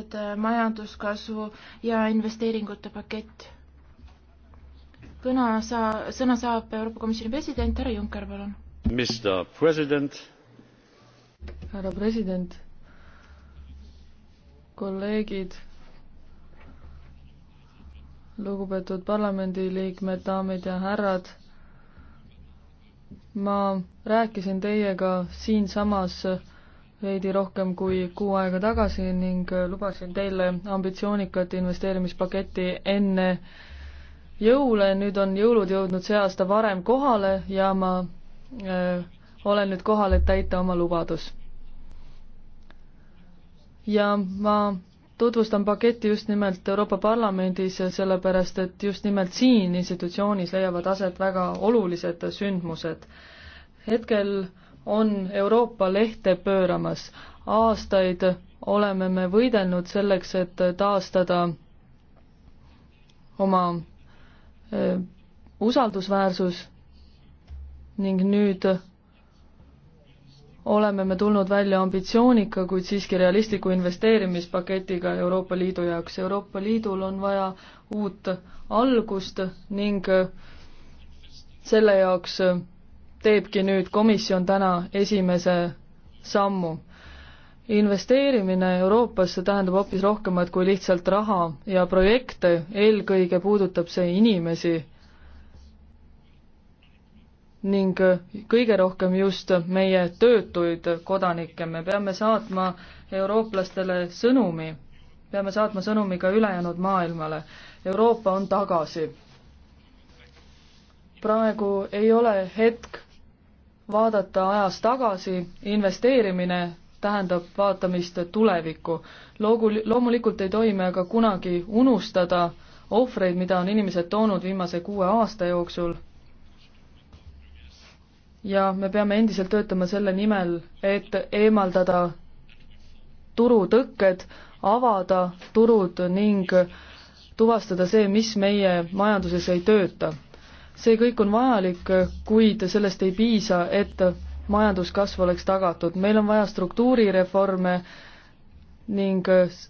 et äh, majanduskasvu ja investeeringute pakett. kõna saa-, sõna saab Euroopa Komisjoni president härra Juncker, palun. Mr President. härra president, kolleegid, lugupeetud parlamendiliikmed, daamid ja härrad, ma rääkisin teiega siinsamas veidi rohkem kui kuu aega tagasi ning lubasin teile ambitsioonikat investeerimispaketti enne jõule, nüüd on jõulud jõudnud see aasta varem kohale ja ma äh, olen nüüd kohal, et täita oma lubadus. ja ma tutvustan paketti just nimelt Euroopa Parlamendis, sellepärast et just nimelt siin institutsioonis leiavad aset väga olulised sündmused. hetkel äh, on Euroopa lehte pööramas. aastaid oleme me võidelnud selleks, et taastada oma usaldusväärsus ning nüüd oleme me tulnud välja ambitsioonika, kuid siiski realistliku investeerimispaketiga Euroopa Liidu jaoks. Euroopa Liidul on vaja uut algust ning selle jaoks teebki nüüd komisjon täna esimese sammu. investeerimine Euroopasse tähendab hoopis rohkemat kui lihtsalt raha ja projekte, eelkõige puudutab see inimesi ning kõige rohkem just meie töötuid kodanikke, me peame saatma eurooplastele sõnumi, peame saatma sõnumi ka ülejäänud maailmale. Euroopa on tagasi. praegu ei ole hetk vaadata ajas tagasi, investeerimine tähendab vaatamist tulevikku. Loogu-, loomulikult ei tohi me aga kunagi unustada ohvreid, mida on inimesed toonud viimase kuue aasta jooksul. ja me peame endiselt töötama selle nimel, et eemaldada turutõkked, avada turud ning tuvastada see, mis meie majanduses ei tööta see kõik on vajalik, kuid sellest ei piisa, et majanduskasv oleks tagatud, meil on vaja struktuurireforme ning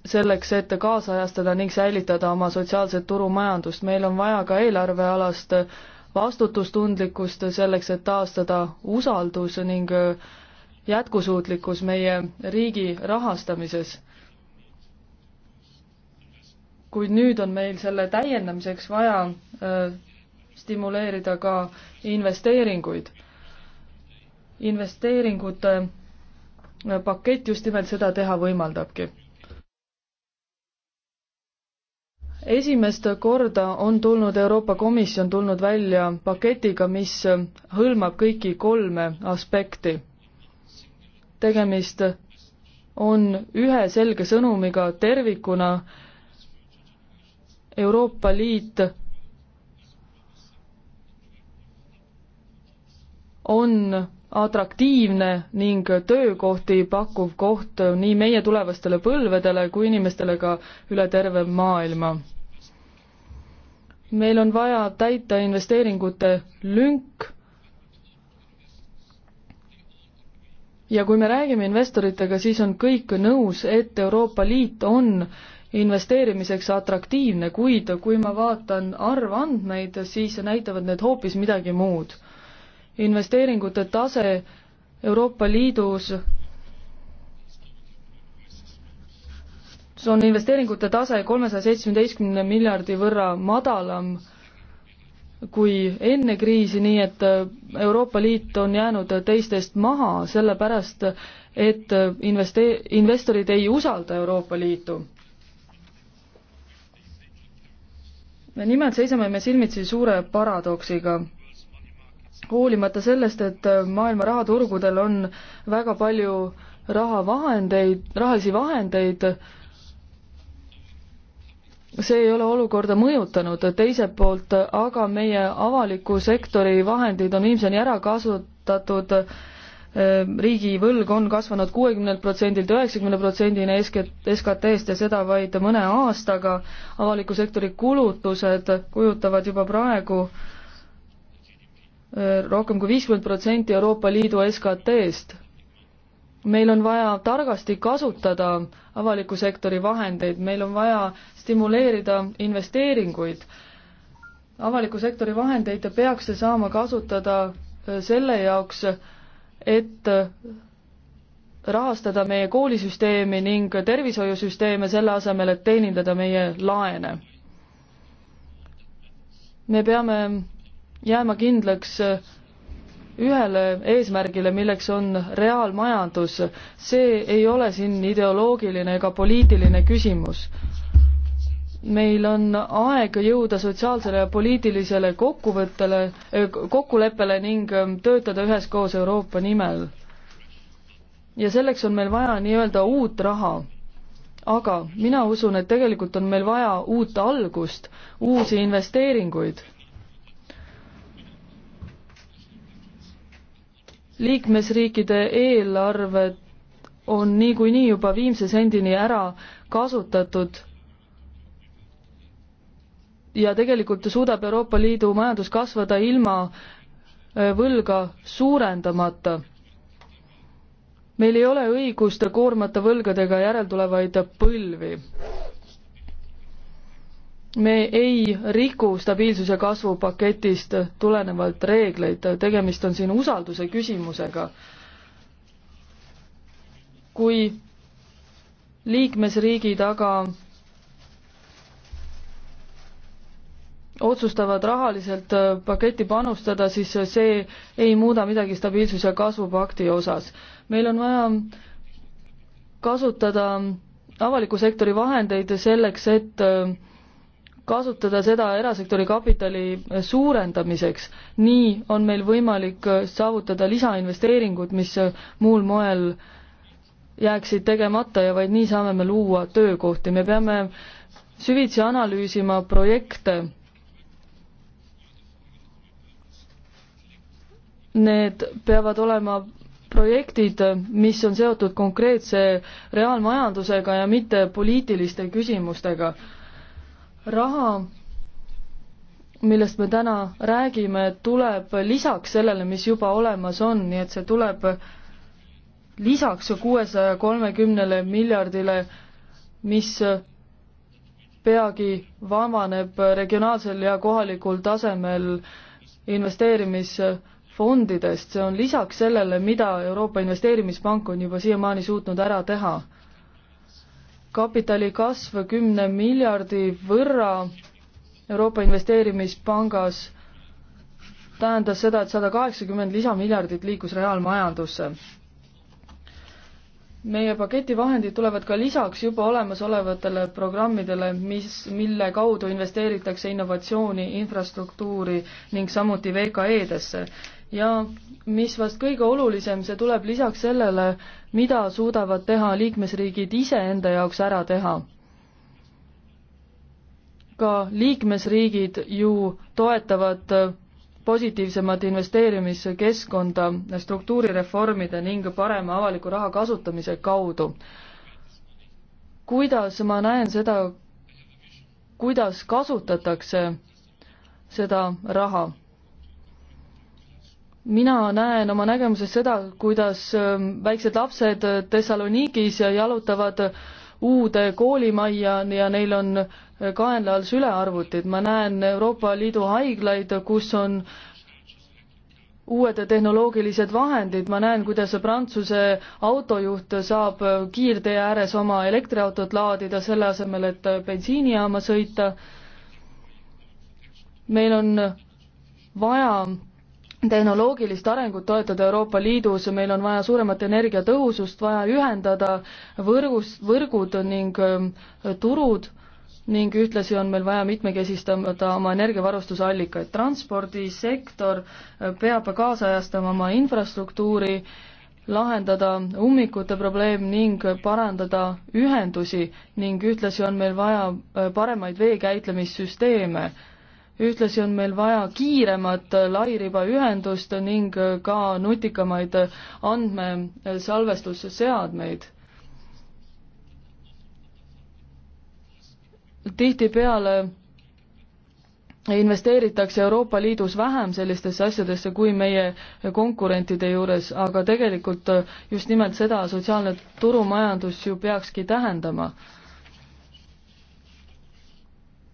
selleks, et kaasajastada ning säilitada oma sotsiaalset turumajandust, meil on vaja ka eelarvealast vastutustundlikkust selleks, et taastada usaldus ning jätkusuutlikkus meie riigi rahastamises. kuid nüüd on meil selle täiendamiseks vaja äh, stimuleerida ka investeeringuid. investeeringute äh, pakett just nimelt seda teha võimaldabki. esimest korda on tulnud Euroopa Komisjon tulnud välja paketiga, mis hõlmab kõiki kolme aspekti. tegemist on ühe selge sõnumiga tervikuna Euroopa Liit on atraktiivne ning töökohti pakkuv koht nii meie tulevastele põlvedele kui inimestele ka üle terve maailma. meil on vaja täita investeeringute lünk ja kui me räägime investoritega, siis on kõik nõus, et Euroopa Liit on investeerimiseks atraktiivne, kuid kui ma vaatan arvandmeid, siis näitavad need hoopis midagi muud investeeringute tase Euroopa Liidus see on investeeringute tase kolmesaja seitsmeteistkümne miljardi võrra madalam kui enne kriisi, nii et Euroopa Liit on jäänud teistest maha, sellepärast et investe-, investorid ei usalda Euroopa Liitu. nimelt seisame me silmitsi suure paradoksiga hoolimata sellest, et äh, maailma rahaturgudel on väga palju rahavahendeid, rahalisi vahendeid, see ei ole olukorda mõjutanud, teiselt poolt aga meie avaliku sektori vahendid on viimseni ära kasutatud, äh, riigi võlg on kasvanud kuuekümnelt protsendilt üheksakümne protsendini SKT-st ja seda vaid mõne aastaga, avaliku sektori kulutused kujutavad juba praegu Äh, rohkem kui viiskümmend protsenti Euroopa Liidu SKT-st. meil on vaja targasti kasutada avaliku sektori vahendeid, meil on vaja stimuleerida investeeringuid. avaliku sektori vahendeid peaks saama kasutada äh, selle jaoks, et äh, rahastada meie koolisüsteemi ning tervishoiusüsteeme selle asemel, et teenindada meie laene. me peame jääma kindlaks äh, ühele eesmärgile, milleks on reaalmajandus. see ei ole siin ideoloogiline ega poliitiline küsimus. meil on aeg jõuda sotsiaalsele ja poliitilisele kokkuvõttele, äh, kokkuleppele ning ähm, töötada üheskoos Euroopa nimel. ja selleks on meil vaja nii-öelda uut raha aga mina usun, et tegelikult on meil vaja uut algust, uusi investeeringuid liikmesriikide eelarved on niikuinii juba viimse sendini ära kasutatud ja tegelikult suudab Euroopa Liidu majandus kasvada ilma äh, võlga suurendamata. meil ei ole õigust koormata võlgadega järeltulevaid põlvi me ei riku stabiilsuse kasvupaketist tulenevalt reegleid, tegemist on siin usalduse küsimusega. kui liikmesriigid aga otsustavad rahaliselt paketti panustada, siis see ei muuda midagi stabiilsuse kasvupakti osas. meil on vaja kasutada avaliku sektori vahendeid selleks, et kasutada seda erasektori kapitali suurendamiseks. nii on meil võimalik saavutada lisainvesteeringud, mis muul moel jääksid tegemata ja vaid nii saame me luua töökohti. me peame süvitsi analüüsima projekte. Need peavad olema projektid, mis on seotud konkreetse reaalmajandusega ja mitte poliitiliste küsimustega raha, millest me täna räägime, tuleb lisaks sellele, mis juba olemas on, nii et see tuleb lisaks kuuesaja kolmekümnele miljardile, mis peagi vabaneb regionaalsel ja kohalikul tasemel investeerimisfondidest, see on lisaks sellele, mida Euroopa Investeerimispank on juba siiamaani suutnud ära teha kapitali kasv kümne miljardi võrra Euroopa Investeerimispangas tähendas seda, et sada kaheksakümmend lisamiljardit liikus reaalmajandusse. meie paketi vahendid tulevad ka lisaks juba olemasolevatele programmidele, mis, mille kaudu investeeritakse innovatsiooni, infrastruktuuri ning samuti VKE-desse ja mis vast kõige olulisem, see tuleb lisaks sellele, mida suudavad teha liikmesriigid iseenda jaoks ära teha. ka liikmesriigid ju toetavad positiivsemat investeerimiskeskkonda struktuurireformide ning parema avaliku raha kasutamise kaudu. kuidas ma näen seda, kuidas kasutatakse seda raha? mina näen oma nägemuses seda, kuidas ähm, väiksed lapsed äh, Thessalonikis jalutavad uude koolimajja ja neil on äh, kaenla all sülearvutid. ma näen Euroopa Liidu haiglaid, kus on uued tehnoloogilised vahendid, ma näen, kuidas Prantsuse autojuht saab äh, kiirtee ääres oma elektriautot laadida, selle asemel, et bensiinijaama sõita. meil on vaja tehnoloogilist arengut toetada Euroopa Liidus, meil on vaja suuremat energiatõhusust, vaja ühendada võrgus, võrgud ning ähm, turud ning ühtlasi on meil vaja mitmekesistada oma energiavarustuse allikaid. transpordisektor äh, peab kaasajastama oma infrastruktuuri, lahendada ummikute probleem ning parandada ühendusi ning ühtlasi on meil vaja äh, paremaid veekäitlemissüsteeme ühtlasi on meil vaja kiiremat lairibaühendust ning ka nutikamaid andmesalvestusseadmeid. tihtipeale investeeritakse Euroopa Liidus vähem sellistesse asjadesse kui meie konkurentide juures, aga tegelikult just nimelt seda sotsiaalne turumajandus ju peakski tähendama.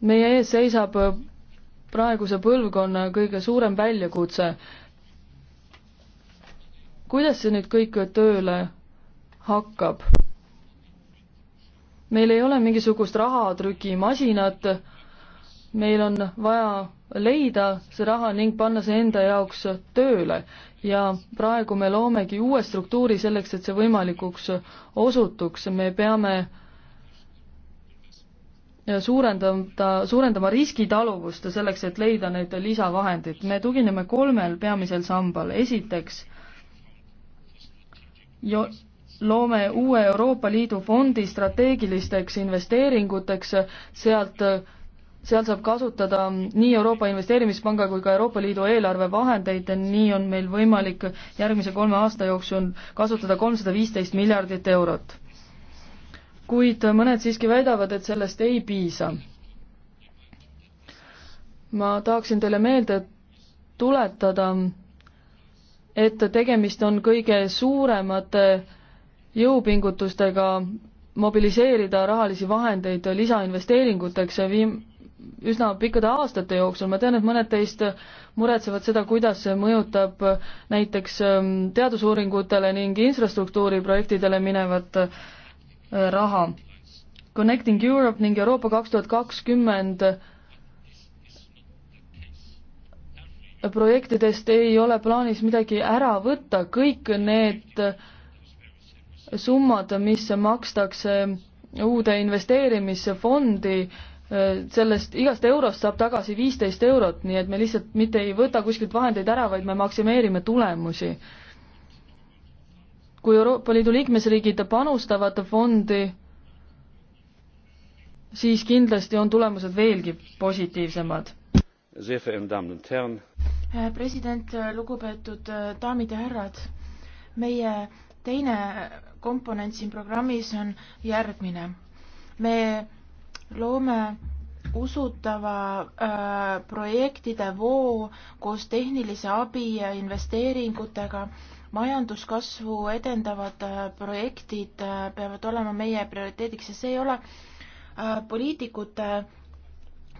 meie ees seisab praeguse põlvkonna kõige suurem väljakutse. kuidas see nüüd kõik tööle hakkab? meil ei ole mingisugust rahatrükimasinat, meil on vaja leida see raha ning panna see enda jaoks tööle ja praegu me loomegi uue struktuuri selleks, et see võimalikuks osutuks, me peame suurendada, suurendama riskitaluvust ja selleks, et leida need lisavahendid. me tugineme kolmel peamisel sambal, esiteks jo-, loome uue Euroopa Liidu fondi strateegilisteks investeeringuteks, sealt, seal saab kasutada nii Euroopa Investeerimispanga kui ka Euroopa Liidu eelarve vahendeid, nii on meil võimalik järgmise kolme aasta jooksul kasutada kolmsada viisteist miljardit eurot kuid mõned siiski väidavad, et sellest ei piisa. ma tahaksin teile meelde tuletada, et tegemist on kõige suuremate jõupingutustega mobiliseerida rahalisi vahendeid lisainvesteeringuteks viim-, üsna pikkade aastate jooksul, ma tean, et mõned teist muretsevad seda, kuidas see mõjutab näiteks ähm, teadusuuringutele ning infrastruktuuriprojektidele minevat Äh, raha. Connecting Europe ning Euroopa kaks tuhat kakskümmend projektidest ei ole plaanis midagi ära võtta, kõik need summad, mis makstakse uude investeerimisfondi, äh, sellest igast eurost saab tagasi viisteist eurot, nii et me lihtsalt mitte ei võta kuskilt vahendeid ära, vaid me maksimeerime tulemusi kui Euroopa Liidu liikmesriigid panustavad fondi, siis kindlasti on tulemused veelgi positiivsemad. Äh, president, äh, lugupeetud äh, daamid ja härrad, meie teine komponent siin programmis on järgmine. me loome usutava äh, projektide voo koos tehnilise abi ja investeeringutega. majanduskasvu edendavad äh, projektid äh, peavad olema meie prioriteediks ja see ei ole äh, poliitikute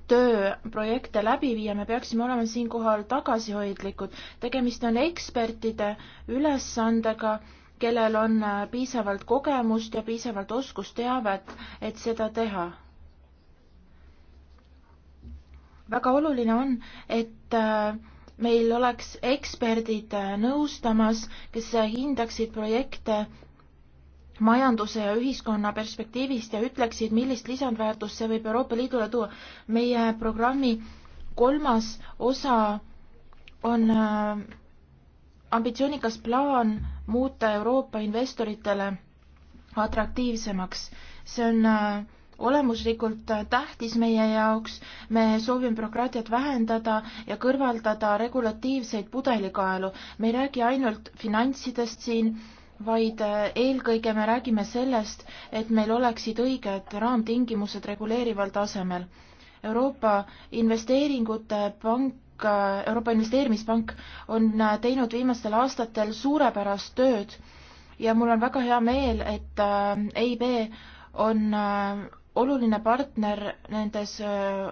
töö projekte läbi viia, me peaksime olema siinkohal tagasihoidlikud. tegemist on ekspertide ülesandega, kellel on äh, piisavalt kogemust ja piisavalt oskusteavet, et seda teha väga oluline on, et äh, meil oleks eksperdid äh, nõustamas, kes äh, hindaksid projekte majanduse ja ühiskonna perspektiivist ja ütleksid, millist lisandväärtust see võib Euroopa Liidule tuua. meie programmi kolmas osa on ambitsioonikas plaan muuta Euroopa investoritele atraktiivsemaks. see on äh, olemuslikult tähtis meie jaoks, me soovime bürokraatiat vähendada ja kõrvaldada regulatiivseid pudelikaelu. me ei räägi ainult finantsidest siin, vaid eh, eelkõige me räägime sellest, et meil oleksid õiged raamtingimused reguleerival tasemel. Euroopa Investeeringute Pank Euroopa Investeerimispank on eh, teinud viimastel aastatel suurepärast tööd ja mul on väga hea meel, et EIB eh, e on oluline partner nendes äh,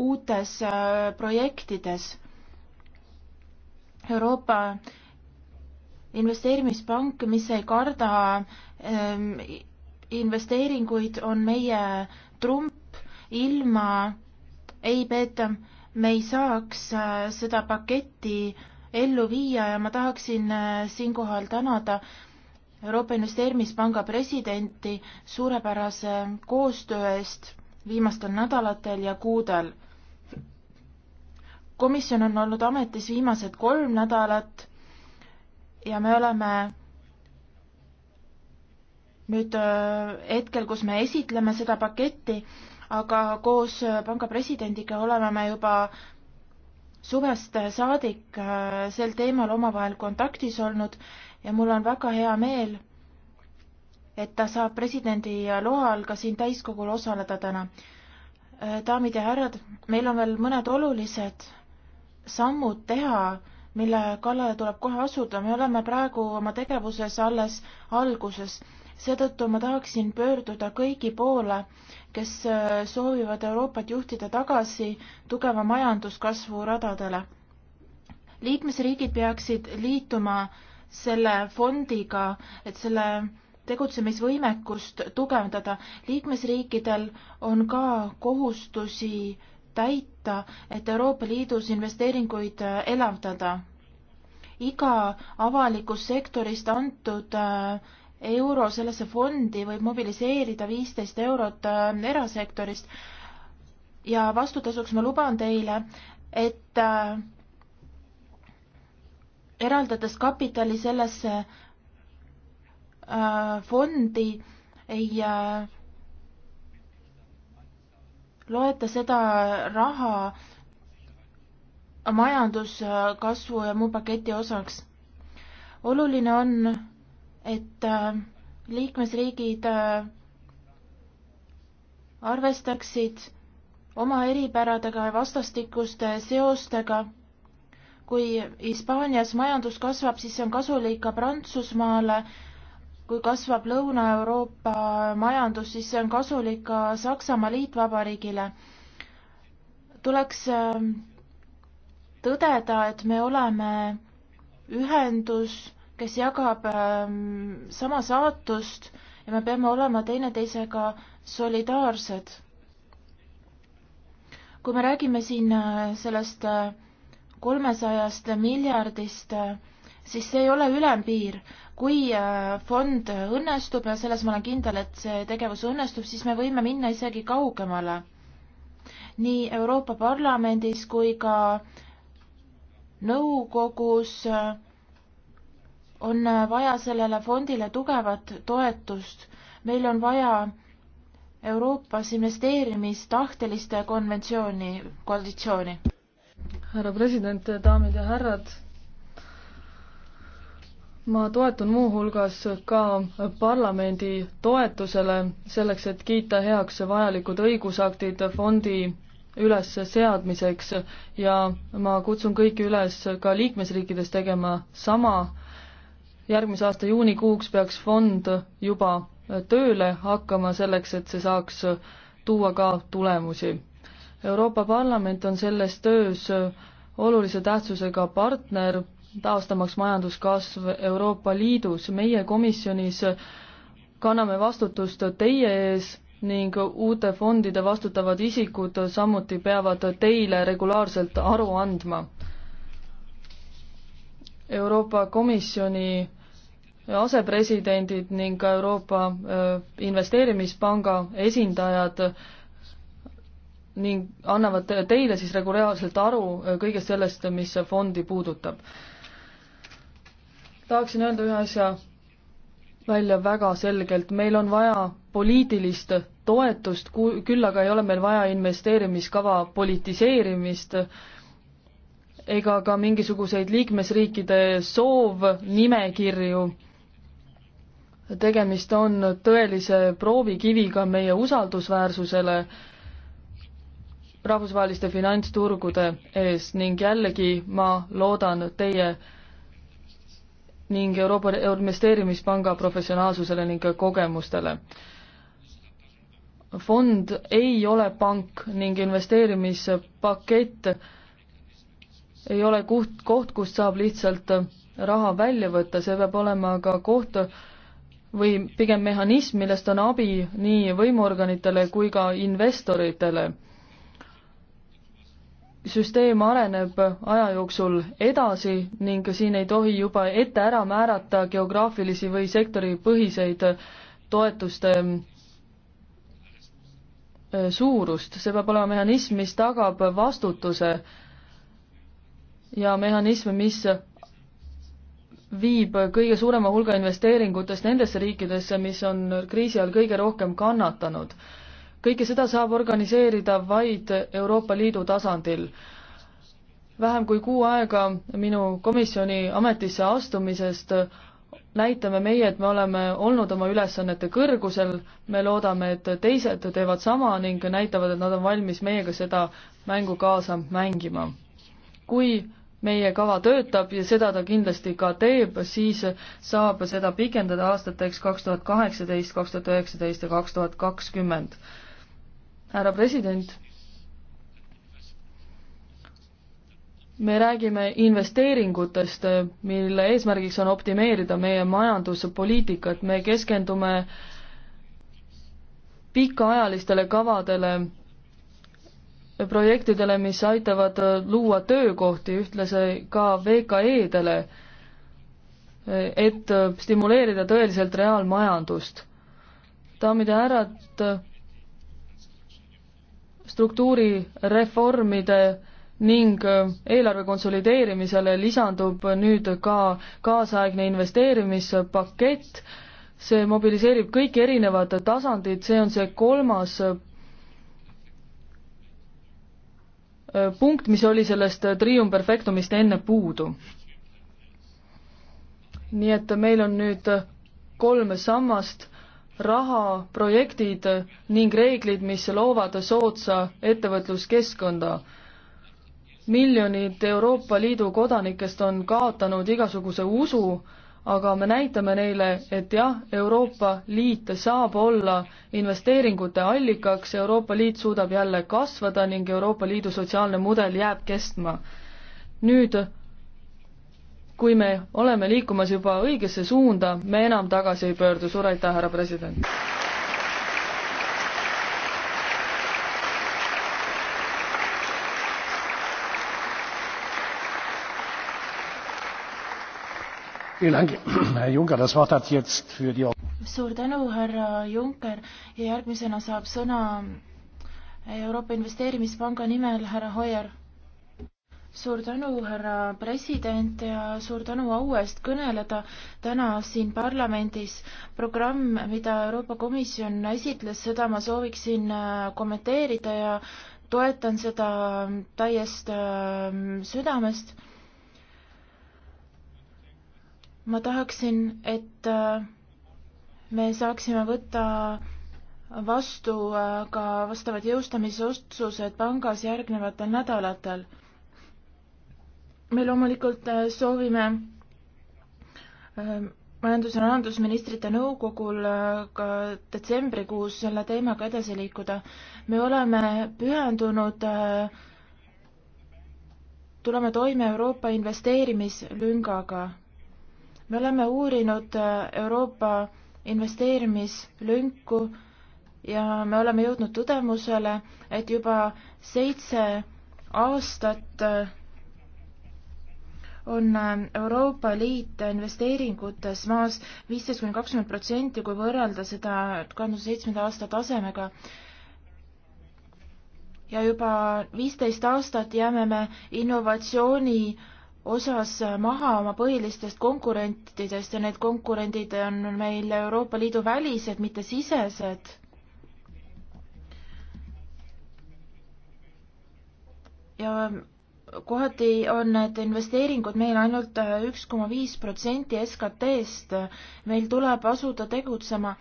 uutes äh, projektides. Euroopa investeerimispank, mis ei karda ähm, investeeringuid, on meie trump, ilma ei peeta, me ei saaks äh, seda paketti ellu viia ja ma tahaksin siinkohal tänada Euroopa Investeerimispanga presidenti suurepärase koostöö eest viimastel nädalatel ja kuudel. komisjon on olnud ametis viimased kolm nädalat ja me oleme nüüd äh, hetkel, kus me esitleme seda paketti, aga koos äh, panga presidendiga oleme me juba suvest saadik äh, sel teemal omavahel kontaktis olnud ja mul on väga hea meel, et ta saab presidendi loal ka siin täiskogul osaleda täna. Äh, daamid ja härrad, meil on veel mõned olulised sammud teha, mille kallale tuleb kohe asuda, me oleme praegu oma tegevuses alles alguses. seetõttu ma tahaksin pöörduda kõigi poole, kes äh, soovivad Euroopat juhtida tagasi tugeva majanduskasvu radadele. liikmesriigid peaksid liituma äh, selle fondiga, et selle tegutsemisvõimekust tugevdada. liikmesriikidel on ka kohustusi täita, et Euroopa Liidus investeeringuid elavdada. iga avalikust sektorist antud äh, euro sellesse fondi võib mobiliseerida viisteist eurot äh, erasektorist ja vastutasuks ma luban teile, et äh, eraldades kapitali sellesse äh, fondi, ei äh, loeta seda raha majanduskasvu ja muu paketi osaks. oluline on, et äh, liikmesriigid äh, arvestaksid oma eripäradega ja vastastikuste seostega kui Hispaanias majandus kasvab, siis see on kasulik ka Prantsusmaale, kui kasvab Lõuna-Euroopa majandus, siis see on kasulik ka Saksamaa liitvabariigile. tuleks ähm, tõdeda, et me oleme ühendus, kes jagab ähm, sama saatust ja me peame olema teineteisega solidaarsed. kui me räägime siin äh, sellest äh, kolmesajast miljardist, siis see ei ole ülempiir. kui äh, fond õnnestub ja selles ma olen kindel, et see tegevus õnnestub, siis me võime minna isegi kaugemale. nii Euroopa Parlamendis kui ka nõukogus äh, on äh, vaja sellele fondile tugevat toetust. meil on vaja Euroopas investeerimistahteliste konventsiooni, koalitsiooni härra president, daamid ja härrad. ma toetun muuhulgas ka parlamendi toetusele selleks, et kiita heaks vajalikud õigusaktid fondi ülesseadmiseks ja ma kutsun kõiki üles ka liikmesriikides tegema sama. järgmise aasta juunikuuks peaks fond juba tööle hakkama selleks, et see saaks tuua ka tulemusi Euroopa Parlament on selles töös olulise tähtsusega partner, taastamaks majanduskasv Euroopa Liidus. meie komisjonis kanname vastutust teie ees ning uute fondide vastutavad isikud samuti peavad teile regulaarselt aru andma. Euroopa Komisjoni asepresidendid ning ka Euroopa äh, Investeerimispanga esindajad ning annavad teile siis regulaarselt aru äh, kõigest sellest, mis fondi puudutab. tahaksin öelda ühe asja välja väga selgelt, meil on vaja poliitilist toetust, küll aga ei ole meil vaja investeerimiskava politiseerimist ega ka mingisuguseid liikmesriikide soovnimekirju. tegemist on tõelise proovikiviga meie usaldusväärsusele rahvusvaheliste finantsturgude ees ning jällegi ma loodan teie ning Euroopa Investeerimispanga professionaalsusele ning kogemustele. fond ei ole pank ning investeerimispakett ei ole koht, koht, kust saab lihtsalt raha välja võtta, see peab olema ka koht või pigem mehhanism, millest on abi nii võimuorganitele kui ka investoritele süsteem areneb aja jooksul edasi ning siin ei tohi juba ette ära määrata geograafilisi või sektoripõhiseid toetuste äh, suurust, see peab olema mehhanism, mis tagab vastutuse ja mehhanism, mis viib kõige suurema hulga investeeringutest nendesse riikidesse, mis on kriisi all kõige rohkem kannatanud kõike seda saab organiseerida vaid Euroopa Liidu tasandil. vähem kui kuu aega minu komisjoni ametisse astumisest näitame meie, et me oleme olnud oma ülesannete kõrgusel, me loodame, et teised teevad sama ning näitavad, et nad on valmis meiega seda mängu kaasa mängima. kui meie kava töötab ja seda ta kindlasti ka teeb, siis saab seda pikendada aastateks kaks tuhat kaheksateist, kaks tuhat üheksateist ja kaks tuhat kakskümmend härra president. me räägime investeeringutest, mille eesmärgiks on optimeerida meie majanduspoliitikat, me keskendume pikaajalistele kavadele, projektidele, mis aitavad luua töökohti, ühtlasi ka VKE-dele, et stimuleerida tõeliselt reaalmajandust. daamid ja härrad, struktuurireformide ning äh, eelarve konsolideerimisele lisandub nüüd ka kaasaegne investeerimispakett, see mobiliseerib kõik erinevad tasandid, see on see kolmas äh, punkt, mis oli sellest trium perfectumist enne puudu. nii et meil on nüüd kolm sammast raha, projektid ning reeglid, mis loovad soodsa ettevõtluskeskkonda. miljonid Euroopa Liidu kodanikest on kaotanud igasuguse usu, aga me näitame neile, et jah, Euroopa Liit saab olla investeeringute allikaks, Euroopa Liit suudab jälle kasvada ning Euroopa Liidu sotsiaalne mudel jääb kestma. nüüd kui me oleme liikumas juba õigesse suunda, me enam tagasi ei pöördu, suur aitäh, härra president! suur tänu, härra Juncker ja järgmisena saab sõna Euroopa Investeerimispanga nimel härra Hoier suur tänu, härra president ja suur tänu au eest kõneleda täna siin parlamendis. programm, mida Euroopa Komisjon esitles, seda ma sooviksin äh, kommenteerida ja toetan seda äh, täiest äh, südamest. ma tahaksin, et me saaksime võtta vastu ka vastavad jõustamisotsused pangas järgnevatel nädalatel me loomulikult äh, soovime äh, majandus- ja rahandusministrite nõukogul äh, ka detsembrikuus selle teemaga edasi liikuda. me oleme pühendunud tuleme toime Euroopa investeerimislüngaga. me oleme uurinud Euroopa investeerimislünku ja me oleme jõudnud tõdemusele, et juba seitse aastat on äh, Euroopa Liit investeeringutes maas viisteist kuni kakskümmend protsenti, kui võrrelda seda kahe tuhande seitsmenda aasta tasemega. ja juba viisteist aastat jääme me innovatsiooni osas maha oma põhilistest konkurentidest ja need konkurendid on meil Euroopa Liidu välised, mitte sisesed ja kohati on need investeeringud meil ainult äh, üks koma viis protsenti SKT-st, meil tuleb asuda tegutsema.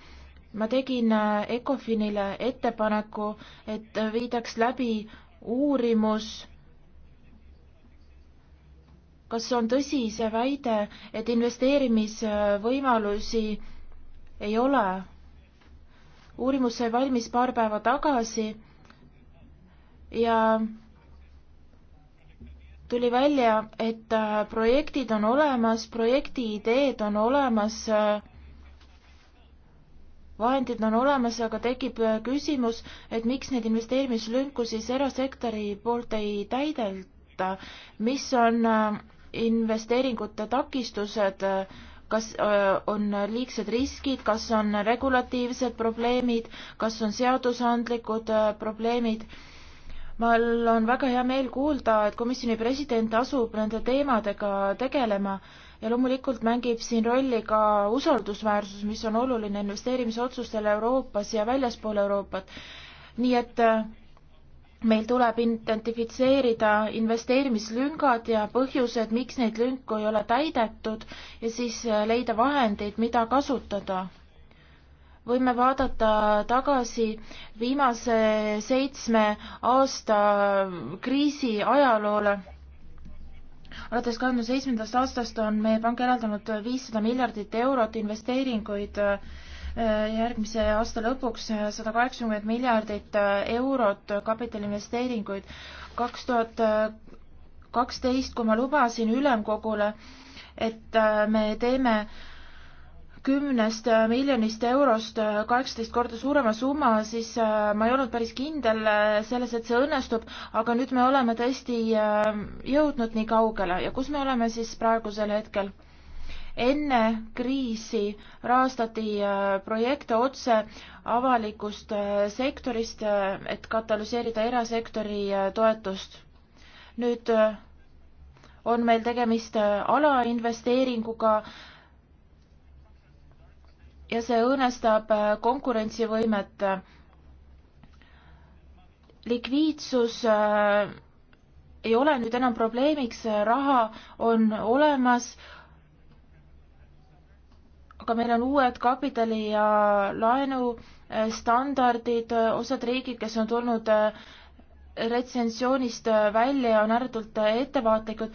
ma tegin äh, Ecofinile ettepaneku, et viidaks läbi uurimus, kas on tõsi see väide, et investeerimisvõimalusi ei ole? uurimus sai valmis paar päeva tagasi ja tuli välja, et äh, projektid on olemas, projekti ideed on olemas, äh, vahendid on olemas, aga tekib äh, küsimus, et miks neid investeerimislünku siis erasektori poolt ei täidelda, mis on investeeringute takistused, kas on liigsed riskid, kas on regulatiivsed probleemid, kas on seadusandlikud probleemid mul on väga hea meel kuulda, et komisjoni president asub nende teemadega tegelema ja loomulikult mängib siin rolli ka usaldusväärsus, mis on oluline investeerimisotsustele Euroopas ja väljaspool Euroopat. nii et äh, meil tuleb identifitseerida investeerimislüngad ja põhjused, miks neid lünku ei ole täidetud ja siis äh, leida vahendeid, mida kasutada võime vaadata tagasi viimase seitsme aasta kriisi ajaloole. alates kahekümne seitsmendast aastast on meie pank eraldanud viissada miljardit eurot investeeringuid eh, järgmise aasta lõpuks sada kaheksakümmend miljardit eh, eurot kapitaliinvesteeringuid. kaks tuhat eh, kaksteist, kui ma lubasin ülemkogule, et me teeme äh, kümnest äh, miljonist eurost äh, kaheksateist korda suurema summa, siis äh, ma ei olnud päris kindel selles, et see õnnestub, aga nüüd me oleme tõesti jõudnud nii kaugele ja kus me oleme siis praegusel hetkel? enne kriisi rahastati projekte otse avalikust sektorist, et katalüseerida erasektori toetust. nüüd on meil tegemist alainvesteeringuga äh, ja see õõnestab äh, konkurentsivõimet. likviidsus äh, ei ole nüüd enam probleemiks, äh, raha on olemas, aga meil on uued kapitali ja laenustandardid, osad riigid, kes on tulnud retsensioonist välja, on ääretult ettevaatlikud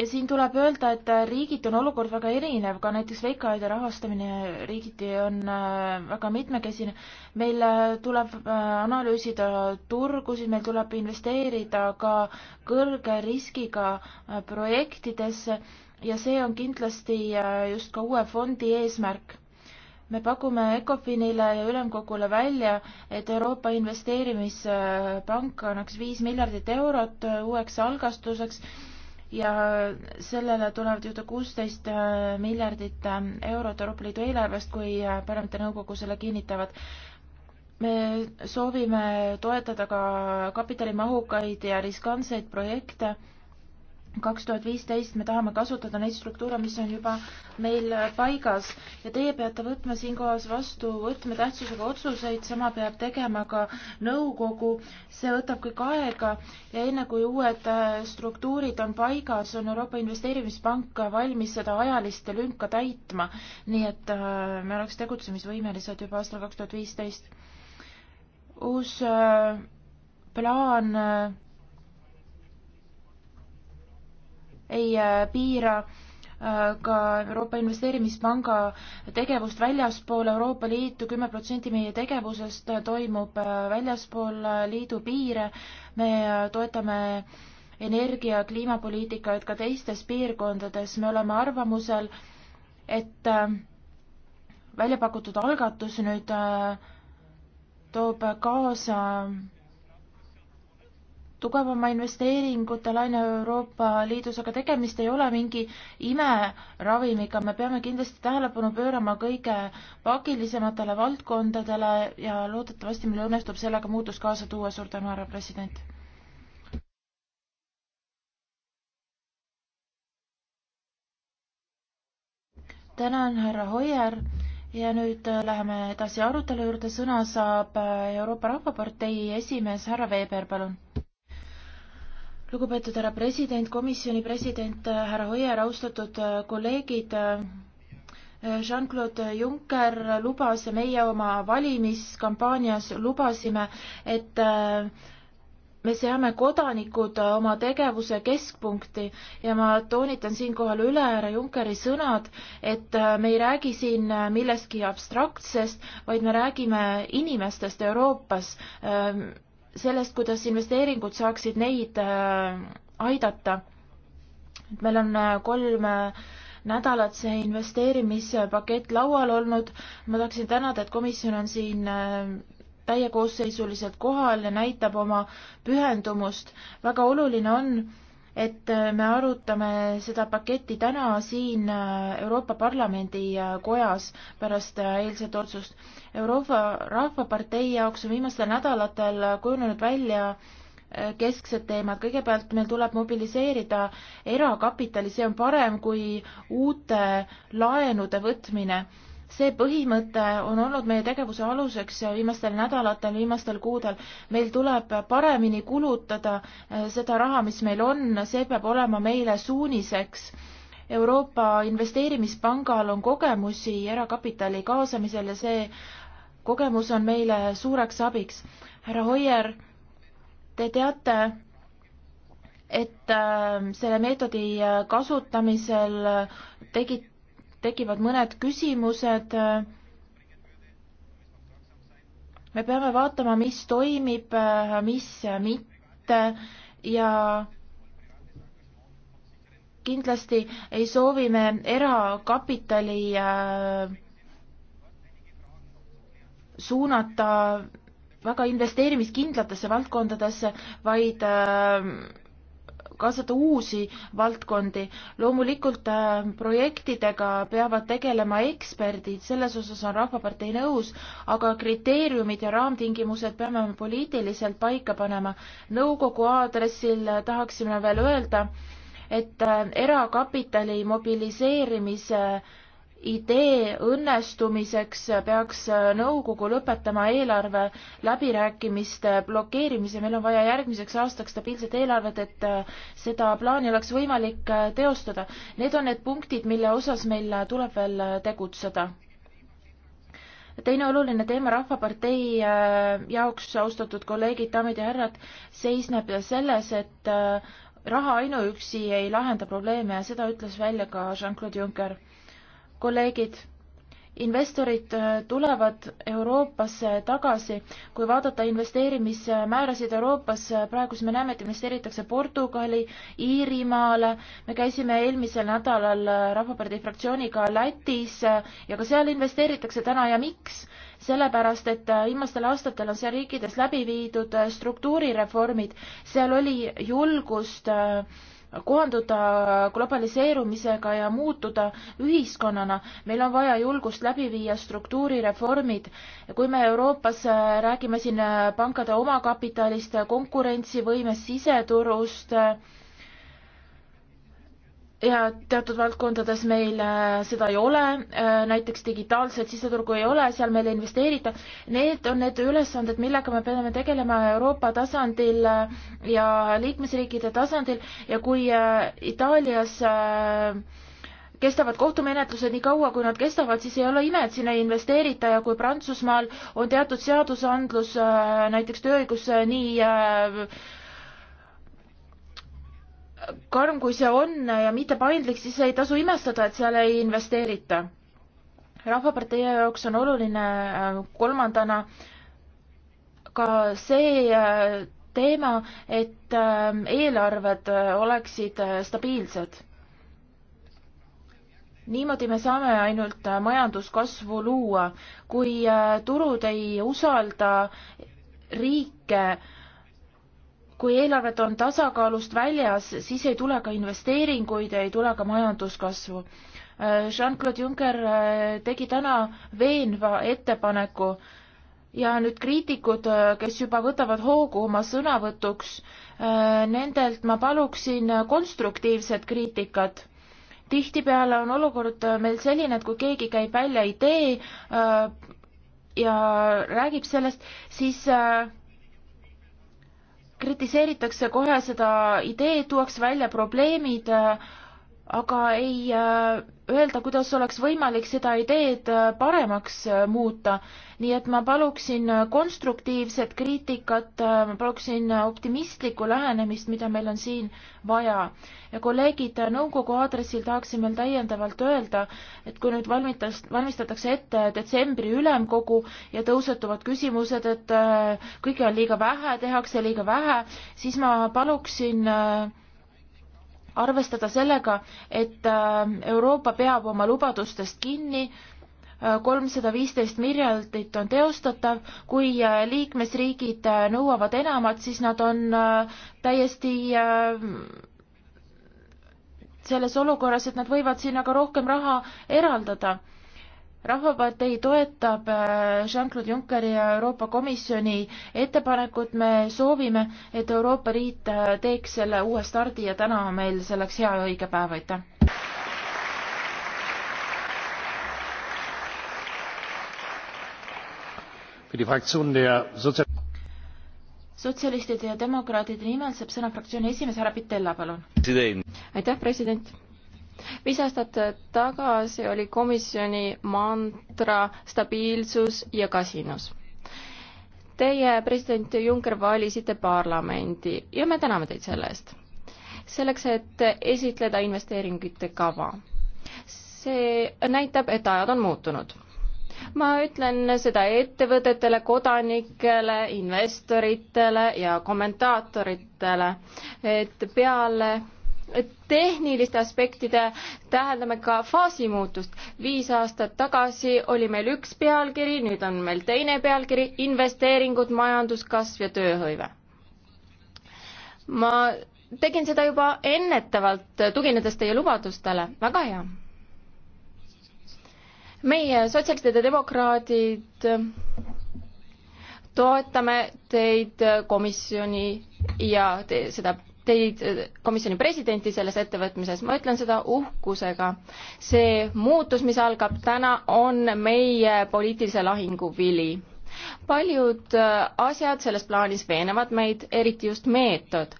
ja siin tuleb öelda, et äh, riigiti on olukord väga erinev, ka näiteks veikaide rahastamine riigiti on äh, väga mitmekesine. meil äh, tuleb analüüsida turgusid, meil tuleb investeerida ka kõrge riskiga projektidesse ja see on kindlasti just ka uue fondi eesmärk me pakume ECOFINile ja ülemkogule välja, et Euroopa Investeerimispank annaks viis miljardit eurot uueks algastuseks ja sellele tulevad juurde kuusteist äh, miljardit äh, eurot Euroopa Liidu eelarvest, kui äh, parlamendi nõukogu selle kinnitavad. me soovime toetada ka kapitalimahukaid ja riskantseid projekte kaks tuhat viisteist me tahame kasutada neid struktuure, mis on juba meil paigas ja teie peate võtma siinkohas vastu võtmetähtsusega otsuseid, sama peab tegema ka nõukogu, see võtab kõik aega ja enne kui uued äh, struktuurid on paigas, on Euroopa Investeerimispank valmis seda ajalist lünka täitma, nii et äh, me oleks tegutsemisvõimelised juba aastal kaks tuhat viisteist. uus äh, plaan ei äh, piira äh, ka Euroopa Investeerimispanga tegevust väljaspool Euroopa Liitu, kümme protsenti meie tegevusest äh, toimub väljaspool liidu piire, me toetame energia- ja kliimapoliitikaid ka teistes piirkondades, me oleme arvamusel, et välja pakutud algatus nüüd toob kaasa tugevama investeeringute laine Euroopa Liidus, aga tegemist ei ole mingi imeravimiga, me peame kindlasti tähelepanu pöörama kõige pakilisematele valdkondadele ja loodetavasti meil õnnestub sellega muutus kaasa tuua, suur tänu, härra president! tänan, härra Hoier ja nüüd äh, läheme edasi arutelu juurde, sõna saab äh, Euroopa Rahvapartei esimees härra Veeber, palun lugupeetud härra president, komisjoni president, äh, härra Hoier, austatud äh, kolleegid. Äh, Jean-Claude Juncker lubas, meie oma valimiskampaanias lubasime, et me seame kodanikud oma tegevuse keskpunkti ja ma toonitan siinkohal üle härra Junckeri sõnad, et me ei räägi siin millestki abstraktsest, vaid me räägime inimestest Euroopas sellest, kuidas investeeringud saaksid neid äh, aidata. meil on äh, kolm äh, nädalat see investeerimispakett laual olnud. ma tahaksin tänada, et komisjon on siin täiekoosseisuliselt kohal ja näitab oma pühendumust. väga oluline on, et me arutame seda paketti täna siin äh, Euroopa Parlamendi äh, kojas pärast äh, eilset otsust. Euroopa Rahvapartei jaoks on viimastel nädalatel kujunenud välja kesksed teemad, kõigepealt meil tuleb mobiliseerida erakapitali, see on parem kui uute laenude võtmine see põhimõte on olnud meie tegevuse aluseks viimastel nädalatel, viimastel kuudel. meil tuleb paremini kulutada eh, seda raha, mis meil on, see peab olema meile suuniseks. Euroopa Investeerimispangal on kogemusi erakapitali kaasamisel ja see kogemus on meile suureks abiks. härra Hoier, te teate, et eh, selle meetodi kasutamisel tegite tekivad mõned küsimused. me peame vaatama, mis toimib, mis mitte ja kindlasti ei soovi me erakapitali äh, suunata väga investeerimiskindlatesse valdkondadesse, vaid äh, kaasata uusi valdkondi. loomulikult äh, projektidega peavad tegelema eksperdid, selles osas on Rahvapartei nõus, aga kriteeriumid ja raamtingimused peame me poliitiliselt paika panema. nõukogu aadressil tahaksime veel öelda, et äh, erakapitali mobiliseerimise äh, idee õnnestumiseks peaks nõukogu lõpetama eelarve läbirääkimiste blokeerimise, meil on vaja järgmiseks aastaks stabiilset eelarvet, et äh, seda plaani oleks võimalik äh, teostada. Need on need punktid, mille osas meil tuleb veel tegutseda. teine oluline teema Rahvapartei äh, jaoks, austatud kolleegid, daamid ja härrad, seisneb selles, et raha ainuüksi ei lahenda probleeme ja seda ütles välja ka Jean-Claude Juncker kolleegid, investorid äh, tulevad Euroopasse tagasi. kui vaadata investeerimismäärasid Euroopas, äh, praegu siis me näeme, et investeeritakse Portugali, Iirimaale, me käisime eelmisel nädalal äh, Rahvapartei fraktsiooniga Lätis ja ka seal investeeritakse täna ja miks? sellepärast, et viimastel aastatel on seal riikides läbi viidud struktuurireformid, seal oli julgust äh, kohanduda globaliseerumisega ja muutuda ühiskonnana. meil on vaja julgust läbi viia struktuurireformid. kui me Euroopas äh, räägime siin äh, pankade omakapitalist, äh, konkurentsivõimest, siseturust, ja teatud valdkondades meil äh, seda ei ole, äh, näiteks digitaalset siseturgu ei ole, seal meil ei investeerita. Need on need ülesanded, millega me peame tegelema Euroopa tasandil äh, ja liikmesriikide tasandil ja kui Itaalias kestavad kohtumenetlused nii kaua, kui nad kestavad, siis ei ole ime, et sinna ei investeerita ja kui Prantsusmaal on teatud seadusandlus, näiteks tööõigus nii karm kui see on äh, ja mitte paindlik, siis ei tasu imestada, et seal ei investeerita. rahvapartei jaoks on oluline äh, kolmandana ka see äh, teema, et eelarved oleksid stabiilsed. niimoodi me saame ainult majanduskasvu luua, kui turud ei usalda riike, kui eelarved on tasakaalust väljas, siis ei tule ka investeeringuid ja ei tule ka majanduskasvu. Äh, Jean-Claude Juncker äh, tegi täna veenva ettepaneku ja nüüd kriitikud, äh, kes juba võtavad hoogu oma sõnavõtuks, nendelt ma paluksin konstruktiivset kriitikat. tihtipeale on olukord meil selline, et kui keegi käib välja idee ja räägib sellest, siis äh, kritiseeritakse kohe seda ideed, tuuakse välja probleemid, aga ei äh, öelda, kuidas oleks võimalik seda ideed äh, paremaks äh, muuta. nii et ma paluksin konstruktiivset kriitikat, ma paluksin optimistlikku lähenemist, mida meil on siin vaja. ja kolleegid, nõukogu aadressil tahaksin veel täiendavalt öelda, et kui nüüd valmitas, valmistatakse ette detsembri ülemkogu ja tõusetuvad küsimused, et kõike on liiga vähe, tehakse liiga vähe, siis ma paluksin äh, arvestada sellega, et äh, Euroopa peab oma lubadustest kinni, äh, kolmsada viisteist miljardit on teostatav, kui äh, liikmesriigid nõuavad enamat, siis nad on täiesti selles olukorras, et nad võivad sinna ka rohkem raha eraldada rahvapartei toetab äh, Jean-Claude Junckeri ja Euroopa Komisjoni ettepanekut, me soovime, et Euroopa Liit äh, teeks selle uue stardi ja täna on meil selleks hea ja õige päev, aitäh! sotsialistide ja demokraatide nimel saab sõna fraktsiooni esimees härra Pitella, palun. aitäh, president! viis aastat tagasi oli komisjoni mantra stabiilsus ja kasinus. Teie, president Juncker, valisite parlamendi ja me täname teid selle eest. selleks, et esitleda investeeringute kava. see näitab, et ajad on muutunud ma ütlen seda ettevõtetele, kodanikele, investoritele ja kommentaatoritele, et peale tehniliste aspektide täheldame ka faasimuutust. viis aastat tagasi oli meil üks pealkiri, nüüd on meil teine pealkiri, investeeringud, majanduskasv ja tööhõive. ma tegin seda juba ennetavalt, tuginedes teie lubadustele, väga hea. meie, sotsialistid ja demokraadid, toetame teid komisjoni ja te, seda teid, eh, komisjoni presidenti selles ettevõtmises, ma ütlen seda uhkusega. see muutus, mis algab täna, on meie poliitilise lahingu vili paljud eh, asjad selles plaanis veenevad meid, eriti just meetod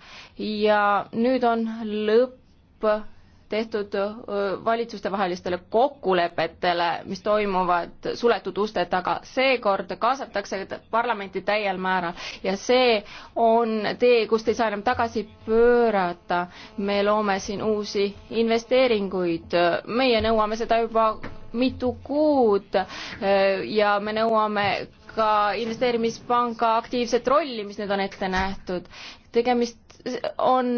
ja nüüd on lõpp tehtud valitsustevahelistele kokkulepetele, mis toimuvad suletud uste taga. seekord kaasatakse parlamenti täiel määral ja see on tee, kust ei saa enam tagasi pöörata. me loome siin uusi investeeringuid, meie nõuame seda juba mitu kuud ja me nõuame ka investeerimispanga aktiivset rolli, mis nüüd on ette nähtud tegemist on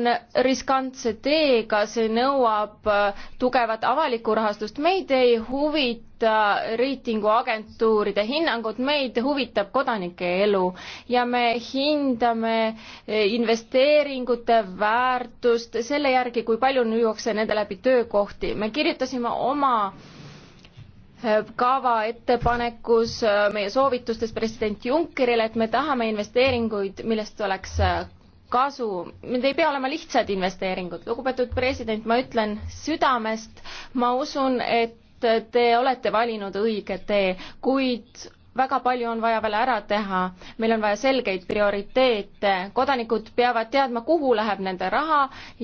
riskantse teega, see nõuab äh, tugevat avalikku rahastust. meid ei huvita äh, reitinguagentuuride hinnangud, meid huvitab kodanike elu ja me hindame äh, investeeringute väärtust selle järgi, kui palju lüüakse nende läbi töökohti. me kirjutasime oma kava ettepanekus meie soovitustes president Junckerile, et me tahame investeeringuid, millest oleks kasu, need ei pea olema lihtsad investeeringud. lugupeetud president, ma ütlen südamest, ma usun, et te olete valinud õige tee, kuid väga palju on vaja veel ära teha, meil on vaja selgeid prioriteete, kodanikud peavad teadma, kuhu läheb nende raha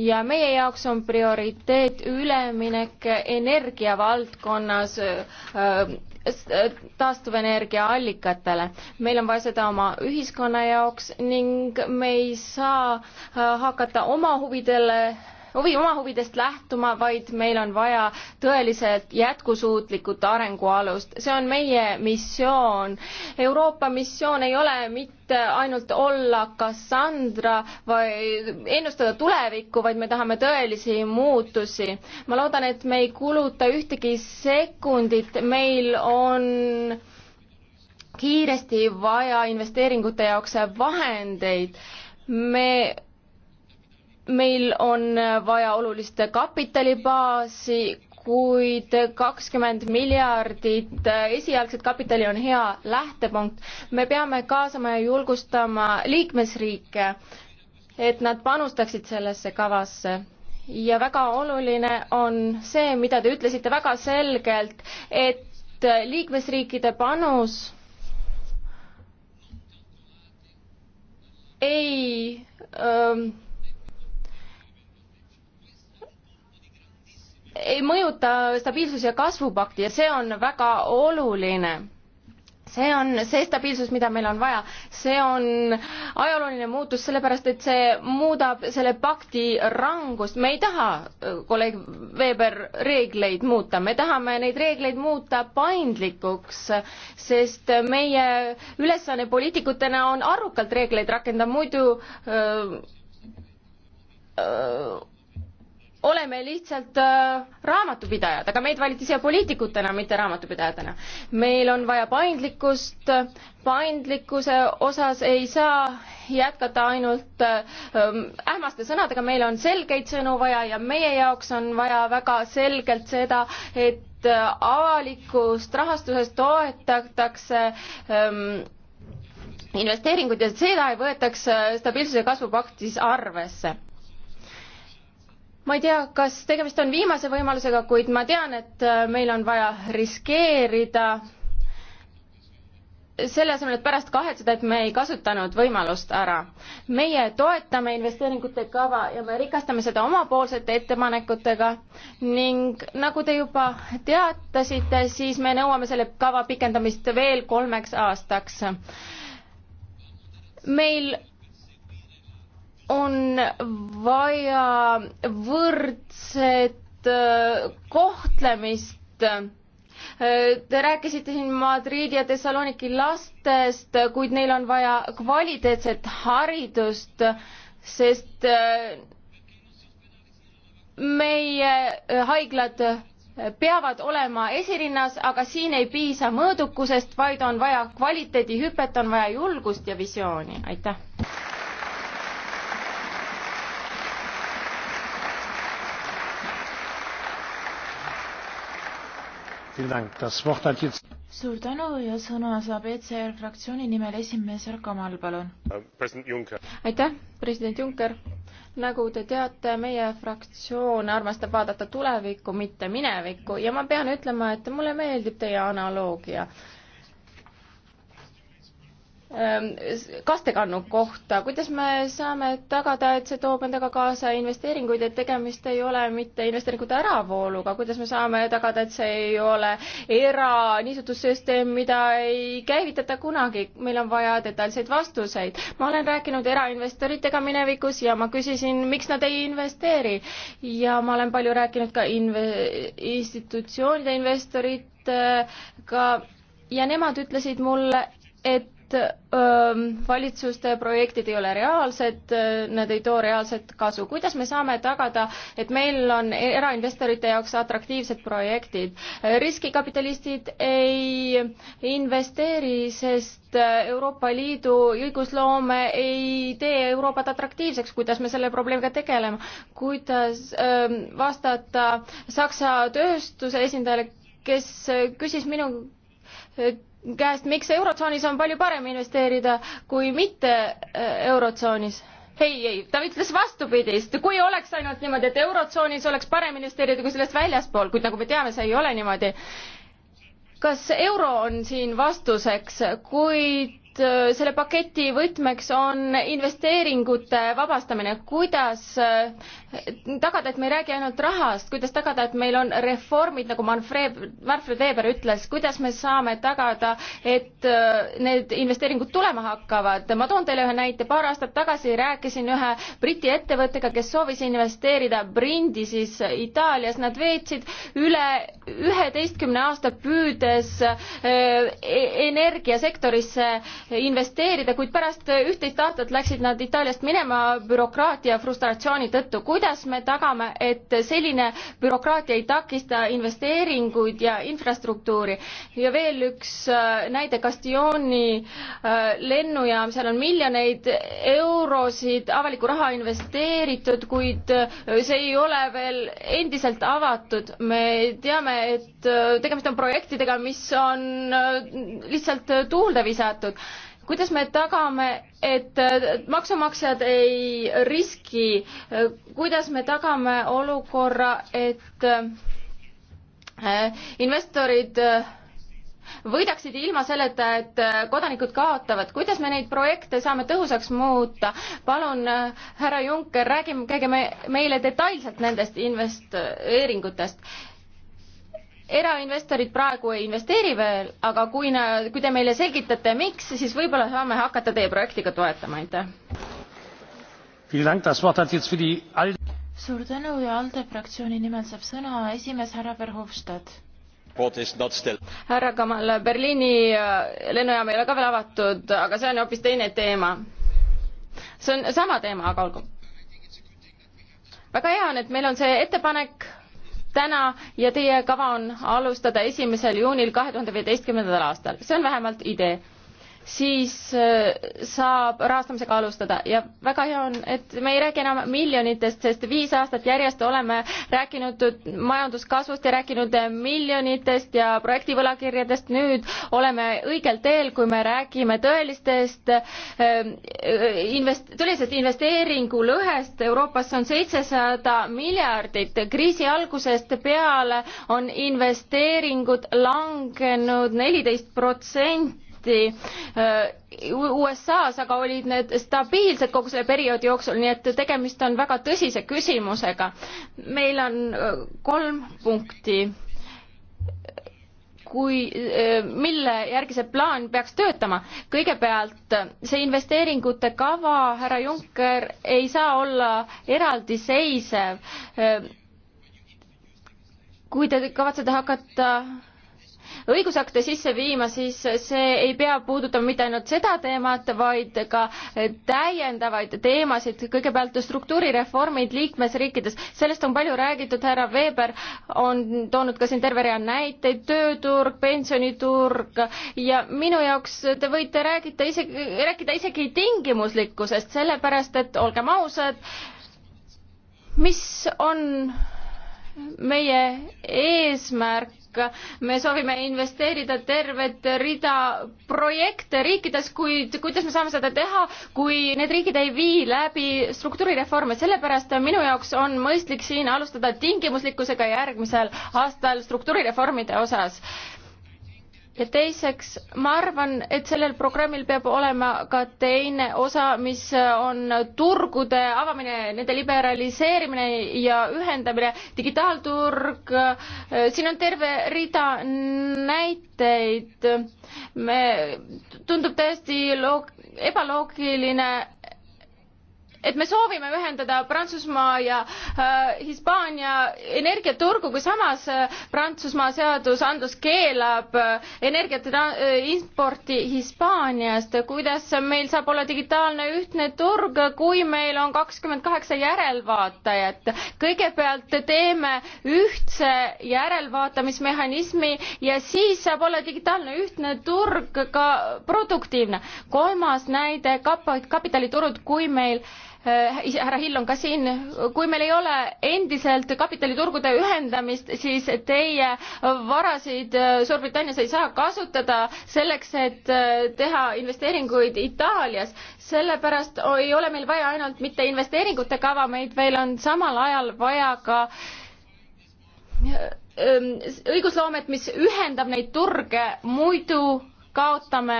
ja meie jaoks on prioriteet üleminek energia valdkonnas äh, äh, taastuvenergia allikatele. meil on vaja seda oma ühiskonna jaoks ning me ei saa äh, hakata oma huvidele huvi oma huvidest lähtuma, vaid meil on vaja tõeliselt jätkusuutlikut arengualust. see on meie missioon. Euroopa missioon ei ole mitte ainult olla Cassandra või ennustada tulevikku, vaid me tahame tõelisi muutusi. ma loodan, et me ei kuluta ühtegi sekundit, meil on kiiresti vaja investeeringute jaoks vahendeid. me meil on vaja olulist kapitalibaasi, kuid kakskümmend miljardit esialgset kapitali on hea lähtepunkt. me peame kaasama ja julgustama liikmesriike, et nad panustaksid sellesse kavasse ja väga oluline on see, mida te ütlesite väga selgelt, et liikmesriikide panus ei öö, ähm, ei mõjuta stabiilsus- ja kasvupakti ja see on väga oluline see on see stabiilsus, mida meil on vaja, see on ajalooline muutus, sellepärast et see muudab selle pakti rangust, me ei taha, kolleeg Weber, reegleid muuta, me tahame neid reegleid muuta paindlikuks, sest meie ülesanne poliitikutena on arukalt reegleid rakendada, muidu öö, öö, oleme lihtsalt äh, raamatupidajad, aga meid valiti siia poliitikutena, mitte raamatupidajatena. meil on vaja paindlikkust, paindlikkuse osas ei saa jätkata ainult äh, ähmaste sõnadega, meil on selgeid sõnu vaja ja meie jaoks on vaja väga selgelt seda, et äh, avalikust rahastusest toetatakse ähm, investeeringuid ja seda ei võetaks stabiilsuse kasvupaktis arvesse ma ei tea, kas tegemist on viimase võimalusega, kuid ma tean, et äh, meil on vaja riskeerida selle asemel, et pärast kahetseda, et me ei kasutanud võimalust ära. meie toetame investeeringute kava ja me rikastame seda omapoolsete ettepanekutega ning nagu te juba teatasite, siis me nõuame selle kava pikendamist veel kolmeks aastaks. meil on vaja võrdset äh, kohtlemist. Äh, te rääkisite siin Madridi ja Thessaloniki lastest, äh, kuid neil on vaja kvaliteetset haridust, sest meie haiglad peavad olema esirinnas, aga siin ei piisa mõõdukusest, vaid on vaja kvaliteedihüpet, on vaja julgust ja visiooni. aitäh! suur tänu ja sõna saab ECR fraktsiooni nimel esimees Erka Mal, palun. aitäh, president Juncker. nagu te teate, meie fraktsioon armastab vaadata tulevikku, mitte minevikku ja ma pean ütlema, et mulle meeldib teie analoogia Ehm, kastekannu kohta, kuidas me saame tagada, et see toob endaga kaasa investeeringuid, et tegemist ei ole mitte investeeringute äravooluga, kuidas me saame tagada, et see ei ole eraniisutussüsteem, mida ei käivitata kunagi, meil on vaja detailseid vastuseid. ma olen rääkinud erainvestoritega minevikus ja ma küsisin, miks nad ei investeeri ja ma olen palju rääkinud ka inve-, institutsioonide investoritega ja nemad ütlesid mulle, et et öö, ähm, valitsuste projektid ei ole reaalsed, äh, nad ei too reaalset kasu. kuidas me saame tagada, et meil on erainvestorite jaoks atraktiivsed projektid? Äh, riskikapitalistid ei investeeri, sest äh, Euroopa Liidu õigusloome ei tee Euroopat atraktiivseks. kuidas me selle probleemiga tegeleme? kuidas öö, ähm, vastata Saksa tööstuse esindajale, kes küsis minu käest, miks Eurotsoonis on palju parem investeerida kui mitte äh, Eurotsoonis ei, ei, ta ütles vastupidist, kui oleks ainult niimoodi, et Eurotsoonis oleks parem investeerida kui sellest väljaspool, kuid nagu me teame, see ei ole niimoodi. kas euro on siin vastuseks, kuid et äh, selle paketi võtmeks on investeeringute vabastamine, kuidas äh, tagada, et me ei räägi ainult rahast, kuidas tagada, et meil on reformid, nagu Manfred, Manfred Weber ütles, kuidas me saame tagada, et äh, need investeeringud tulema hakkavad. ma toon teile ühe näite, paar aastat tagasi rääkisin ühe Briti ettevõttega, kes soovis investeerida Brindi siis Itaalias, nad veetsid üle üheteistkümne aasta püüdes e-, energiasektorisse investeerida, kuid pärast üht-teist aastat läksid nad Itaaliast minema bürokraatia frustratsiooni tõttu. kuidas me tagame, et selline bürokraatia ei takista investeeringuid ja infrastruktuuri? ja veel üks äh, näide, Castioni äh, lennujaam, seal on miljoneid eurosid avalikku raha investeeritud, kuid äh, see ei ole veel endiselt avatud. me teame, et tegemist on projektidega, mis on lihtsalt tuulde visatud kuidas me tagame, et maksumaksjad ei riski, kuidas me tagame olukorra, et äh, investorid äh, võidaksid ilma selleta, et äh, kodanikud kaotavad, kuidas me neid projekte saame tõhusaks muuta? palun, härra Juncker, räägime, käige me, meile detailselt nendest investeeringutest erainvestorid praegu ei investeeri veel, aga kui, kui te meile selgitate, miks, siis võib-olla saame hakata teie projekti ka toetama, aitäh. suur tänu ja ALDE fraktsiooni nimel saab sõna esimees härra Verhofstadt. härra Kamal, Berliini äh, lennujaam ei ole ka veel avatud, aga see on hoopis teine teema. see on sama teema, aga olgu. väga hea on, et meil on see ettepanek täna ja teie kava on alustada esimesel juunil kahe tuhande viieteistkümnendal aastal see on vähemalt idee siis äh, saab rahastamisega alustada ja väga hea on, et me ei räägi enam miljonitest, sest viis aastat järjest oleme rääkinud majanduskasvust ja rääkinud miljonitest ja projektivõlakirjadest, nüüd oleme õigel teel, kui me räägime tõelistest äh, invest-, tõelisest investeeringulõhest Euroopas, see on seitsesada miljardit, kriisi algusest peale on investeeringud langenud neliteist protsenti protsenti äh, USA-s, aga olid need stabiilsed kogu selle perioodi jooksul, nii et tegemist on väga tõsise küsimusega. meil on äh, kolm punkti kui, äh, mille järgi see plaan peaks töötama. kõigepealt see investeeringute kava, härra Juncker, ei saa olla eraldiseisev. kui te kavatsete hakata õigusakte sisse viima, siis see ei pea puudutama mitte ainult seda teemat, vaid ka täiendavaid teemasid, kõigepealt struktuurireformid liikmesriikides, sellest on palju räägitud, härra Weber on toonud ka siin terve rea näiteid, tööturg, pensioniturg ja minu jaoks te võite räägida isegi, rääkida isegi tingimuslikkusest, sellepärast et olgem ausad, mis on meie eesmärk, me soovime investeerida tervet rida projekte riikides, kuid kuidas me saame seda teha, kui need riigid ei vii läbi struktuurireforme, sellepärast minu jaoks on mõistlik siin alustada tingimuslikkusega järgmisel aastal struktuurireformide osas ja teiseks, ma arvan, et sellel programmil peab olema ka teine osa, mis on turgude avamine, nende liberaliseerimine ja ühendamine, digitaalturg, siin on terve rida näiteid. me, tundub täiesti loog-, ebaloogiline et me soovime ühendada Prantsusmaa ja äh, Hispaania energiaturgu, kui samas äh, Prantsusmaa seadusandlus keelab äh, energiat äh, importi Hispaaniast. kuidas meil saab olla digitaalne ühtne turg, kui meil on kakskümmend kaheksa järelvaatajat? kõigepealt teeme ühtse järelvaatamismehhanismi ja siis saab olla digitaalne ühtne turg ka produktiivne. kolmas näide, kapitaliturud, kui meil äh, Äh, härra Hill on ka siin, kui meil ei ole endiselt kapitaliturgude ühendamist, siis teie varasid äh, Suurbritannias ei saa kasutada selleks, et äh, teha investeeringuid Itaalias. sellepärast ei ole meil vaja ainult mitte investeeringute kava, meid veel on samal ajal vaja ka ähm, õigusloomet, mis ühendab neid turge, muidu kaotame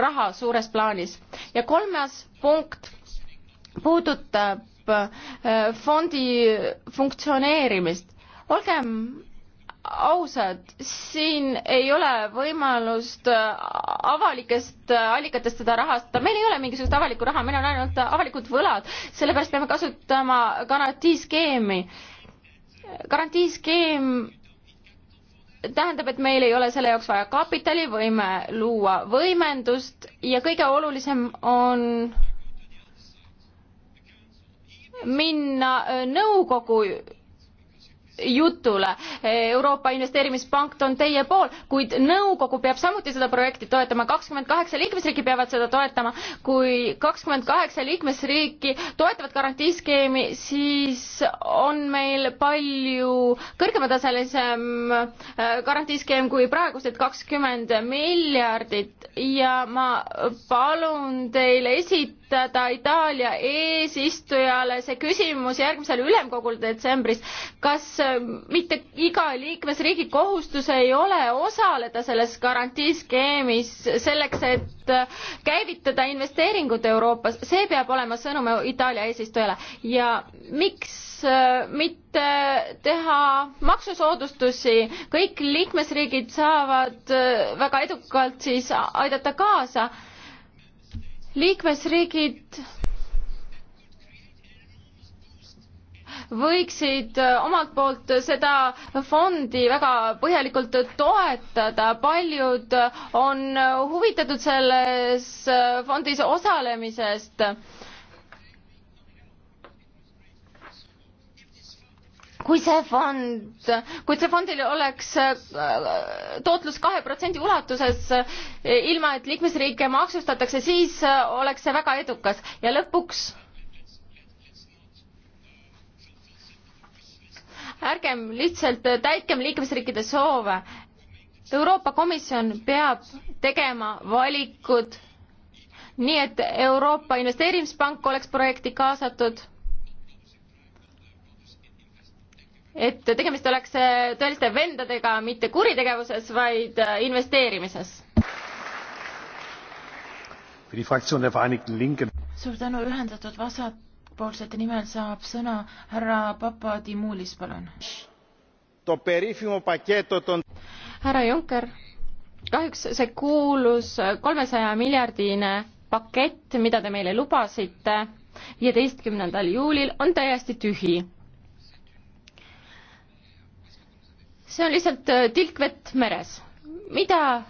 raha suures plaanis. ja kolmas punkt puudutab äh, fondi funktsioneerimist. olgem ausad, siin ei ole võimalust äh, avalikest äh, allikatest seda rahastada, meil ei ole mingisugust avalikku raha, meil on ainult avalikud võlad, sellepärast peame kasutama garantiiskeemi. garantiiskeem tähendab, et meil ei ole selle jaoks vaja kapitali, võime luua võimendust ja kõige olulisem on minna äh, nõukogu jutule. Euroopa Investeerimispank on teie pool, kuid nõukogu peab samuti seda projekti toetama, kakskümmend kaheksa liikmesriiki peavad seda toetama. kui kakskümmend kaheksa liikmesriiki toetavad garantiiskeemi, siis on meil palju kõrgemataselisem äh, garantiiskeem kui praegused kakskümmend miljardit ja ma palun teil esitada esitada Itaalia eesistujale see küsimus järgmisel ülemkogul detsembris, kas äh, mitte iga liikmesriigi kohustus ei ole osaleda selles garantiiskeemis selleks, et äh, käivitada investeeringud Euroopas, see peab olema sõnum Itaalia eesistujale ja miks äh, mitte teha maksusoodustusi, kõik liikmesriigid saavad väga edukalt siis aidata kaasa liikmesriigid võiksid äh, omalt poolt seda fondi väga põhjalikult toetada, paljud on huvitatud selles äh, fondis osalemisest kui see fond, kuid see fondil oleks äh, tootlus kahe protsendi ulatuses, äh, ilma et liikmesriike maksustatakse, siis äh, oleks see väga edukas ja lõpuks ärgem lihtsalt täitkem liikmesriikide soove. Euroopa Komisjon peab tegema valikud nii, et Euroopa Investeerimispank oleks projekti kaasatud et tegemist oleks äh, tõeliste vendadega mitte kuritegevuses, vaid äh, investeerimises. suur tänu, ühendatud vasakpoolsete nimel saab sõna härra Papadimulis, palun. härra Juncker, kahjuks see kuulus kolmesaja miljardine pakett, mida te meile lubasite viieteistkümnendal juulil, on täiesti tühi see on lihtsalt äh, tilk vett meres. mida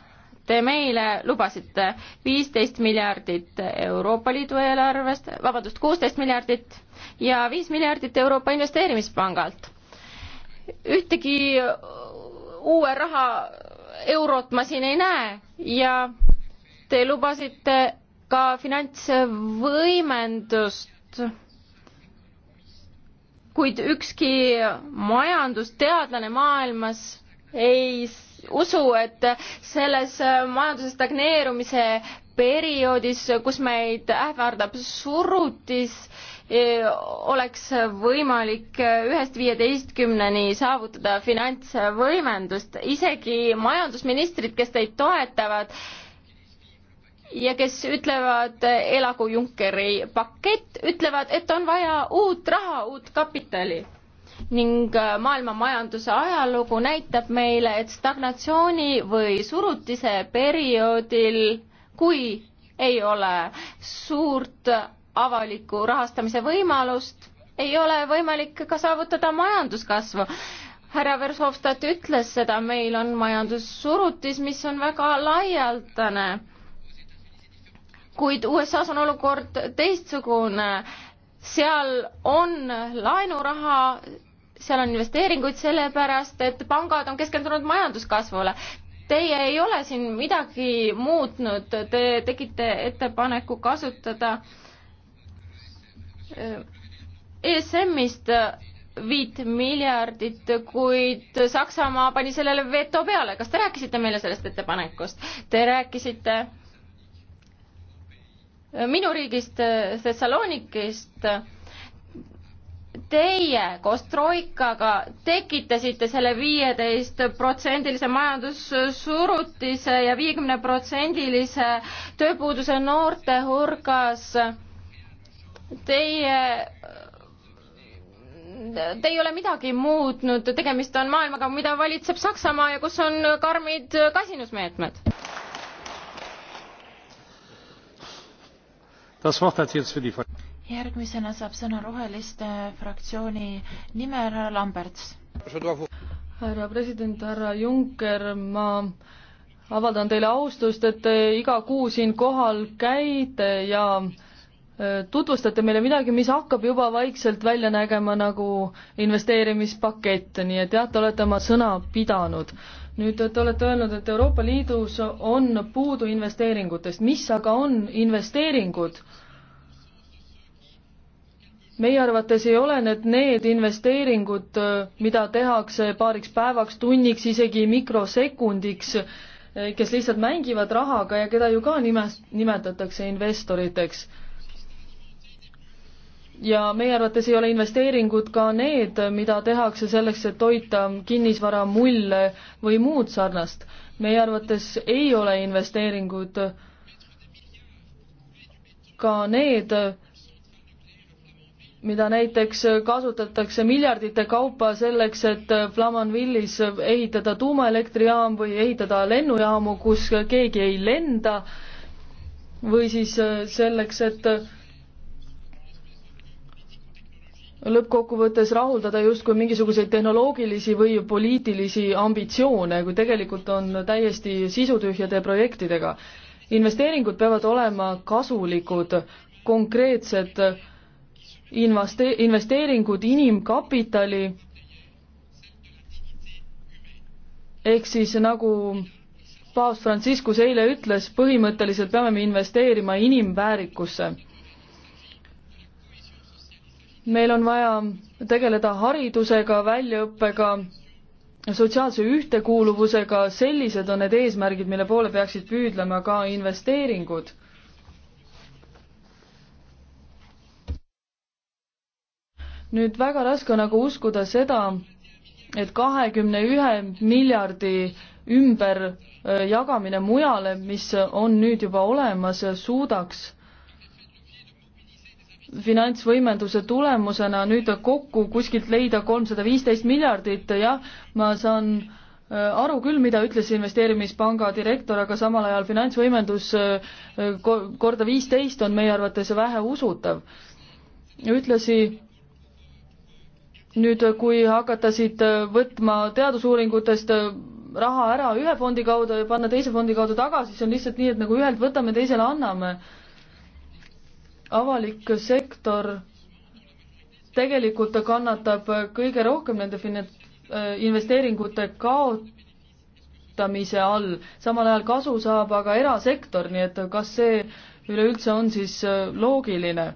te meile lubasite? viisteist miljardit Euroopa Liidu eelarvest, vabandust, kuusteist miljardit ja viis miljardit Euroopa Investeerimispangalt. ühtegi uue raha eurot ma siin ei näe ja te lubasite ka finantsvõimendust kuid ükski majandusteadlane maailmas ei usu, et selles majanduse stagneerumise perioodis, kus meid ähvardab surutis, oleks võimalik ühest viieteistkümneni saavutada finantsvõimendust. isegi majandusministrid, kes teid toetavad, ja kes ütlevad, elagu Junckeri pakett, ütlevad, et on vaja uut raha, uut kapitali. ning äh, maailma majanduse ajalugu näitab meile, et stagnatsiooni või surutise perioodil, kui ei ole suurt avaliku rahastamise võimalust, ei ole võimalik ka saavutada majanduskasvu härra Versovstat ütles seda, meil on majandussurutis, mis on väga laialdane kuid USA-s on olukord teistsugune. seal on laenuraha, seal on investeeringuid, sellepärast et pangad on keskendunud majanduskasvule. Teie ei ole siin midagi muutnud, te tegite ettepaneku kasutada äh, ESM-ist viit miljardit, kuid Saksamaa pani sellele veto peale. kas te rääkisite meile sellest ettepanekust? Te rääkisite minu riigist, Thessalonikist. Teie koos Troikaga tekitasite selle viieteistprotsendilise majandussurutise ja viiekümneprotsendilise tööpuuduse noorte hulgas. Teie te ei ole midagi muutnud, tegemist on maailmaga, mida valitseb Saksamaa ja kus on karmid kasinusmeetmed järgmisena saab sõna Roheliste fraktsiooni nimel härra Lamberts. härra president, härra Juncker, ma avaldan teile austust, et te iga kuu siin kohal käite ja äh, tutvustate meile midagi, mis hakkab juba vaikselt välja nägema nagu investeerimispakett, nii et jah, te olete oma sõna pidanud nüüd te olete öelnud, et Euroopa Liidus on puudu investeeringutest, mis aga on investeeringud? meie arvates ei ole need need investeeringud, mida tehakse paariks päevaks, tunniks, isegi mikrosekundiks, kes lihtsalt mängivad rahaga ja keda ju ka nimes-, nimetatakse investoriteks ja meie arvates ei ole investeeringud ka need, mida tehakse selleks, et toita kinnisvara mulle või muud sarnast. meie arvates ei ole investeeringud ka need, mida näiteks kasutatakse miljardite kaupa selleks, et Flamanvillis ehitada tuumaelektrijaam või ehitada lennujaamu, kus keegi ei lenda, või siis selleks, et lõppkokkuvõttes rahuldada justkui mingisuguseid tehnoloogilisi või poliitilisi ambitsioone, kui tegelikult on täiesti sisutühjade projektidega. investeeringud peavad olema kasulikud, konkreetsed investe-, investeeringud inimkapitali, ehk siis nagu paavst Franciscus eile ütles, põhimõtteliselt peame me investeerima inimväärikusse meil on vaja tegeleda haridusega, väljaõppega, sotsiaalse ühtekuuluvusega, sellised on need eesmärgid, mille poole peaksid püüdlema ka investeeringud. nüüd väga raske on aga nagu uskuda seda, et kahekümne ühe miljardi ümberjagamine äh, mujale, mis on nüüd juba olemas, suudaks finantsvõimenduse tulemusena nüüd kokku kuskilt leida kolmsada viisteist miljardit, jah, ma saan äh, aru küll, mida ütles investeerimispanga direktor, aga samal ajal finantsvõimendus äh, korda viisteist on meie arvates väheusutav. ühtlasi nüüd, kui hakata siit äh, võtma teadusuuringutest raha ära ühe fondi kaudu ja panna teise fondi kaudu tagasi, see on lihtsalt nii, et nagu ühelt võtame, teisele anname avalik sektor tegelikult kannatab kõige rohkem nende äh, investeeringute kaotamise all, samal ajal kasu saab aga erasektor, nii et kas see üleüldse on siis äh, loogiline?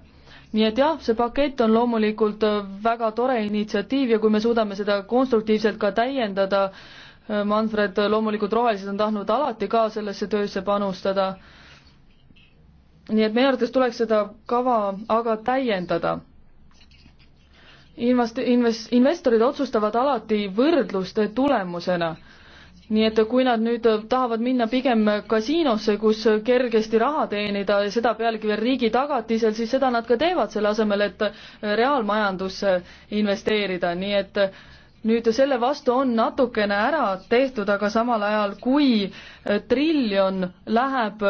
nii et jah, see pakett on loomulikult äh, väga tore initsiatiiv ja kui me suudame seda konstruktiivselt ka täiendada, Manfred, loomulikult rohelised on tahtnud alati ka sellesse töösse panustada nii et meie arvates tuleks seda kava aga täiendada. Invest-, invest-, investorid otsustavad alati võrdluste tulemusena. nii et kui nad nüüd tahavad minna pigem kasiinosse, kus kergesti raha teenida ja seda pealegi veel riigi tagatisel, siis seda nad ka teevad, selle asemel, et reaalmajandusse investeerida, nii et nüüd selle vastu on natukene ära tehtud, aga samal ajal, kui triljon läheb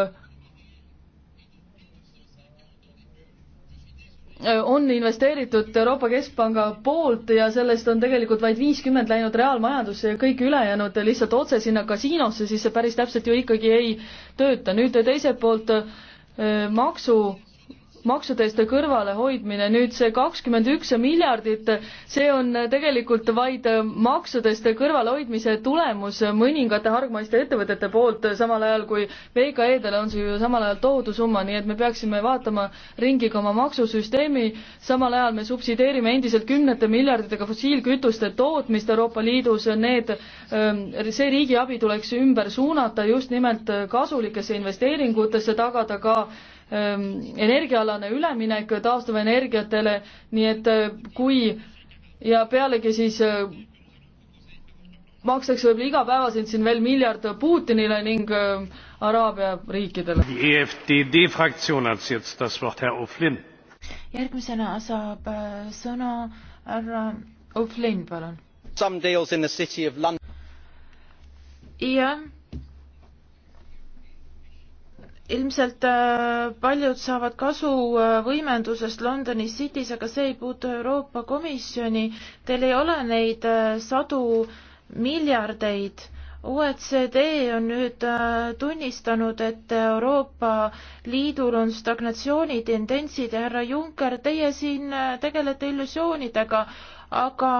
Äh, on investeeritud Euroopa Keskpanga poolt ja sellest on tegelikult vaid viiskümmend läinud reaalmajandusse ja kõik ülejäänud lihtsalt otse sinna kasiinosse, siis see päris täpselt ju ikkagi ei tööta. nüüd teiselt poolt äh, maksu maksudest kõrvalehoidmine, nüüd see kakskümmend üks miljardit, see on tegelikult vaid maksudest kõrvalehoidmise tulemus mõningate hargmaiste ettevõtete poolt, samal ajal kui VKE-dele on see ju samal ajal tohutu summa, nii et me peaksime vaatama ringi ka oma maksusüsteemi, samal ajal me subsideerime endiselt kümnete miljarditega fossiilkütuste tootmist Euroopa Liidus, need, ähm, see riigiabi tuleks ümber suunata just nimelt kasulikesse investeeringutesse, tagada ka Ehm, energiaalane üleminek taastuvenergiatele, nii et äh, kui ja pealegi siis äh, makstakse võib-olla igapäevaselt siin veel miljard Putinile ning äh, Araabia riikidele. E järgmisena saab sõna härra O'Flynn, palun. jah ilmselt äh, paljud saavad kasu äh, võimendusest Londoni City's, aga see ei puutu Euroopa Komisjoni. Teil ei ole neid äh, sadu miljardeid. OECD on nüüd tunnistanud, et Euroopa Liidul on stagnatsioonitendentsid ja härra Juncker, teie siin tegelete illusioonidega, aga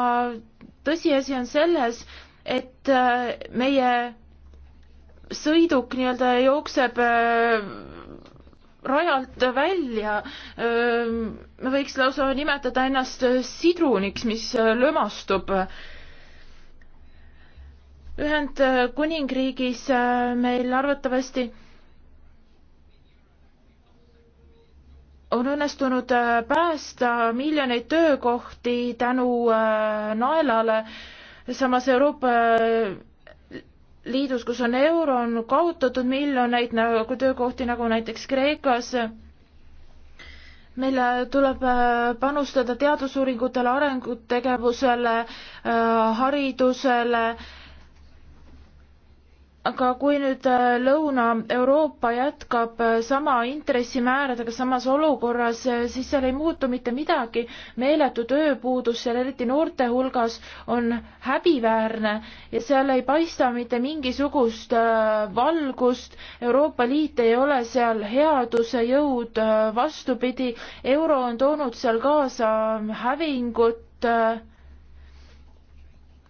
tõsiasi on selles, et meie sõiduk nii-öelda jookseb äh, rajalt välja. Äh, me võiks lausa nimetada ennast sidruniks, mis äh, lömastub. Ühendkuningriigis meil arvatavasti on õnnestunud päästa miljoneid töökohti tänu naelale, samas Euroopa liidus, kus on euro, on kaotatud miljoneid nagu töökohti, nagu näiteks Kreekas. meil tuleb äh, panustada teadusuuringutele, arengutegevusele, äh, haridusele aga kui nüüd äh, Lõuna-Euroopa jätkab äh, sama intressimääradega samas olukorras, äh, siis seal ei muutu mitte midagi. meeletu tööpuudus seal, eriti noorte hulgas, on häbiväärne ja seal ei paista mitte mingisugust valgust. Euroopa Liit ei ole seal headuse jõud, vastupidi, euro on toonud seal kaasa hävingut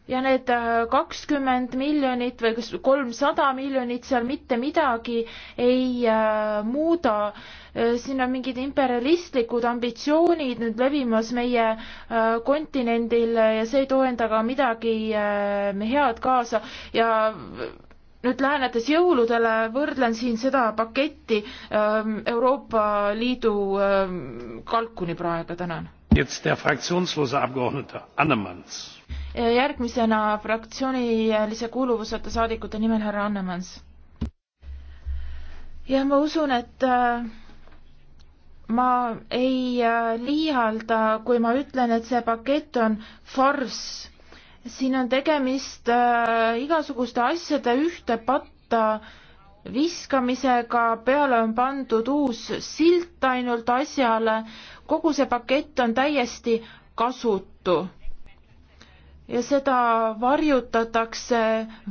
ja need äh, kakskümmend miljonit või kas kolmsada miljonit seal mitte midagi ei äh, muuda. Äh, siin on mingid imperialistlikud ambitsioonid nüüd levimas meie äh, kontinendil ja see ei too endaga midagi äh, head kaasa ja nüüd lähenedes jõuludele, võrdlen siin seda paketti ähm, Euroopa Liidu ähm, kalkuni praegu, tänan. Jetzt der fraktionslose Abgeordnete Annemanns järgmisena fraktsioonilise kuuluvuseta saadikute nimel härra Annemans. jah, ma usun, et äh, ma ei äh, liialda, kui ma ütlen, et see pakett on farss. siin on tegemist äh, igasuguste asjade ühte patta viskamisega, peale on pandud uus silt ainult asjale, kogu see pakett on täiesti kasutu ja seda varjutatakse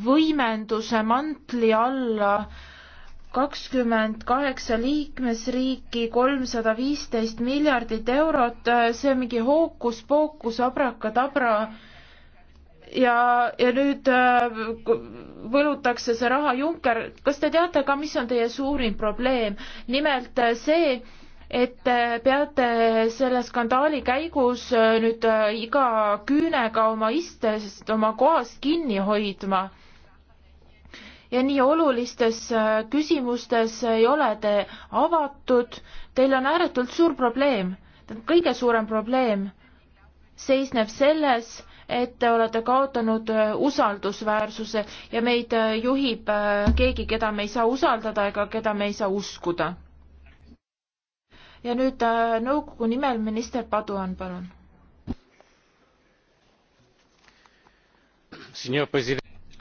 võimenduse mantli alla kakskümmend kaheksa liikmesriiki, kolmsada viisteist miljardit eurot, see on mingi hookus-pookus, abrakadabra. ja, ja nüüd äh, võlutakse see raha Juncker, kas te teate ka, mis on teie suurim probleem? nimelt äh, see, et te peate selle skandaali käigus äh, nüüd äh, iga küünega oma istest, oma kohast kinni hoidma. ja nii olulistes äh, küsimustes ei ole te avatud, teil on ääretult suur probleem, kõige suurem probleem seisneb selles, et te olete kaotanud usaldusväärsuse ja meid juhib keegi, keda me ei saa usaldada ega keda me ei saa uskuda ja nüüd äh, nõukogu nimel minister Paduan, palun.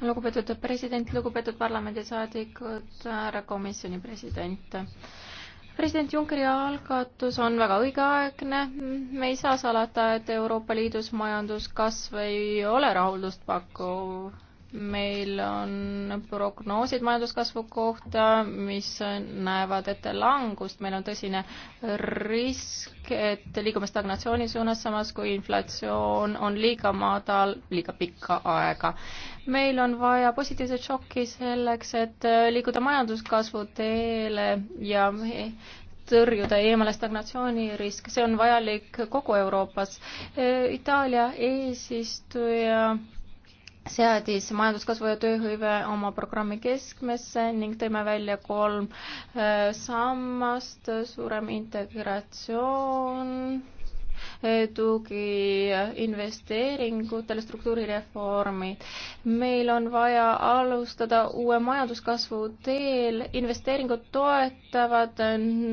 lugupeetud president, lugupeetud parlamendisaadikud, härra komisjoni president. president Junckeri algatus on väga õigeaegne. me ei saa salata, et Euroopa Liidus majanduskasv ei ole rahuldust pakkuv meil on prognoosid majanduskasvu kohta, mis näevad ette langust, meil on tõsine risk, et liigume stagnatsiooni suunas, samas kui inflatsioon on liiga madal liiga pikka aega. meil on vaja positiivset šokki selleks, et liikuda majanduskasvu teele ja tõrjuda eemale stagnatsioonirisk, see on vajalik kogu Euroopas. Itaalia eesistuja seadis majanduskasvu ja tööhõive oma programmi keskmesse ning tõime välja kolm äh, sammast, suurem integratsioon, äh, tugi investeeringutele, struktuurireformi. meil on vaja alustada uue majanduskasvu teel, investeeringud toetavad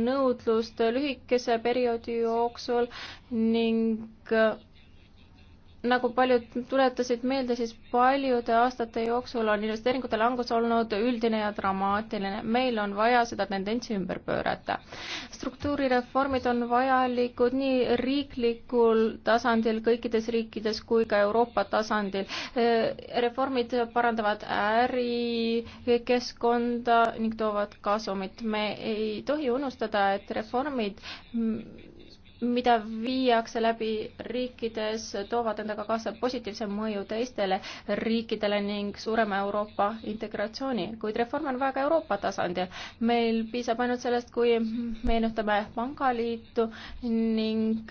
nõudlust lühikese perioodi jooksul ning nagu paljud tuletasid meelde, siis paljude aastate jooksul on investeeringute langus olnud üldine ja dramaatiline. meil on vaja seda tendentsi ümber pöörata. struktuurireformid on vajalikud nii riiklikul tasandil kõikides riikides kui ka Euroopa tasandil. reformid parandavad ärikeskkonda ning toovad kasumit. me ei tohi unustada, et reformid mida viiakse läbi riikides, toovad endaga kaasa positiivse mõju teistele riikidele ning suurema Euroopa integratsiooni, kuid reform on väga Euroopa tasandil. meil piisab ainult sellest, kui meenutame pangaliitu ning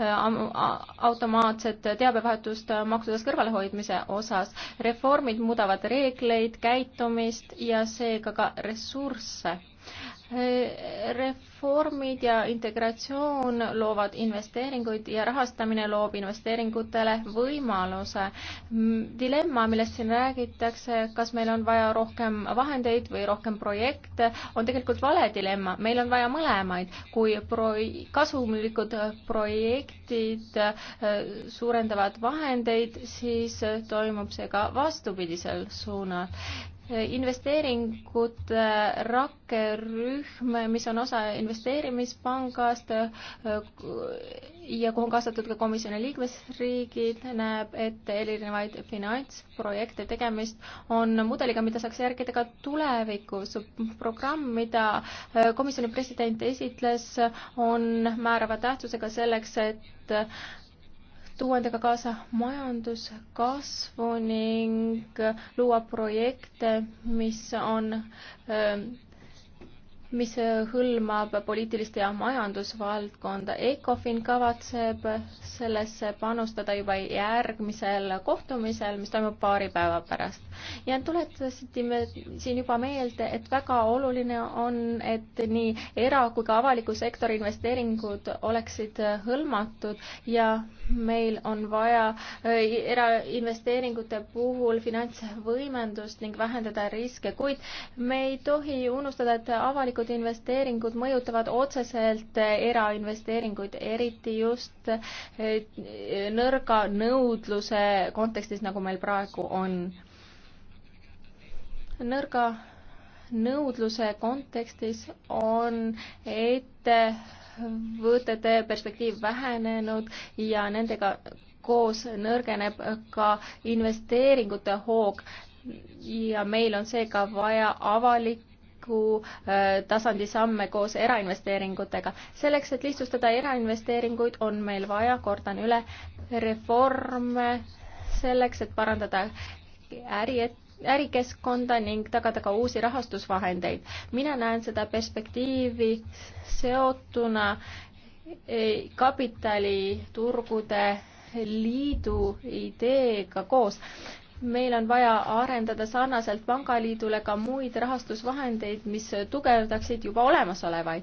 äh, automaatset teabevahetust maksudest kõrvalehoidmise osas. reformid muudavad reegleid, käitumist ja seega ka ressursse reformid ja integratsioon loovad investeeringuid ja rahastamine loob investeeringutele võimaluse. dilemma, millest siin räägitakse, kas meil on vaja rohkem vahendeid või rohkem projekte, on tegelikult vale dilemma, meil on vaja mõlemaid. kui pro-, kasumlikud projektid äh, suurendavad vahendeid, siis toimub see ka vastupidisel suunal investeeringute äh, rakkerühm, mis on osa investeerimispangast äh, ja kuhu on kaasatud ka komisjoni liikmesriigid, näeb ette erinevaid finantsprojekte tegemist, on mudeliga, mida saaks järgida ka tulevikus. programm, mida äh, komisjoni president esitles, on määrava tähtsusega selleks, et tuua endaga kaasa majanduskasvu ning luua projekte, mis on ähm, mis hõlmab poliitilist ja majandusvaldkonda. ECOFIN kavatseb sellesse panustada juba järgmisel kohtumisel, mis toimub paari päeva pärast. ja tuletasime siin juba meelde, et väga oluline on, et nii era- kui ka avaliku sektori investeeringud oleksid hõlmatud ja meil on vaja äh, erainvesteeringute puhul finantsvõimendust ning vähendada riske, kuid me ei tohi unustada, et avalikud avalikud investeeringud mõjutavad otseselt erainvesteeringuid, eriti just eh, nõrga nõudluse kontekstis, nagu meil praegu on. nõrga nõudluse kontekstis on ettevõtete perspektiiv vähenenud ja nendega koos nõrgeneb ka investeeringute hoog ja meil on seega vaja avalikku kohaliku äh, tasandi samme koos erainvesteeringutega. selleks, et lihtsustada erainvesteeringuid, on meil vaja, kordan üle, reforme selleks, et parandada äri, ärikeskkonda ning tagada ka uusi rahastusvahendeid. mina näen seda perspektiivi seotuna e, kapitaliturgude liidu ideega koos meil on vaja arendada sarnaselt Pangaliidule ka muid rahastusvahendeid, mis tugevdaksid juba olemasolevaid.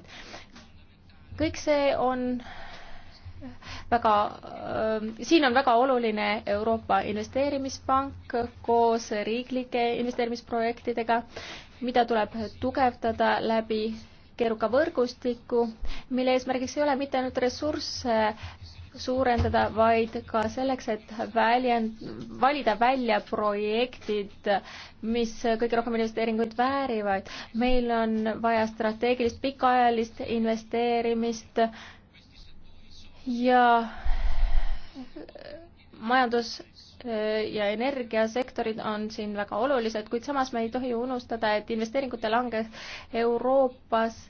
kõik see on väga äh,, siin on väga oluline Euroopa Investeerimispank koos riiklike investeerimisprojektidega, mida tuleb tugevdada läbi keeruka võrgustiku, mille eesmärgiks ei ole mitte ainult ressursse suurendada, vaid ka selleks, et väljend, valida välja projektid, mis kõige rohkem investeeringuid väärivad. meil on vaja strateegilist pikaajalist investeerimist ja majandus ja energiasektorid on siin väga olulised, kuid samas me ei tohi unustada, et investeeringute lange Euroopas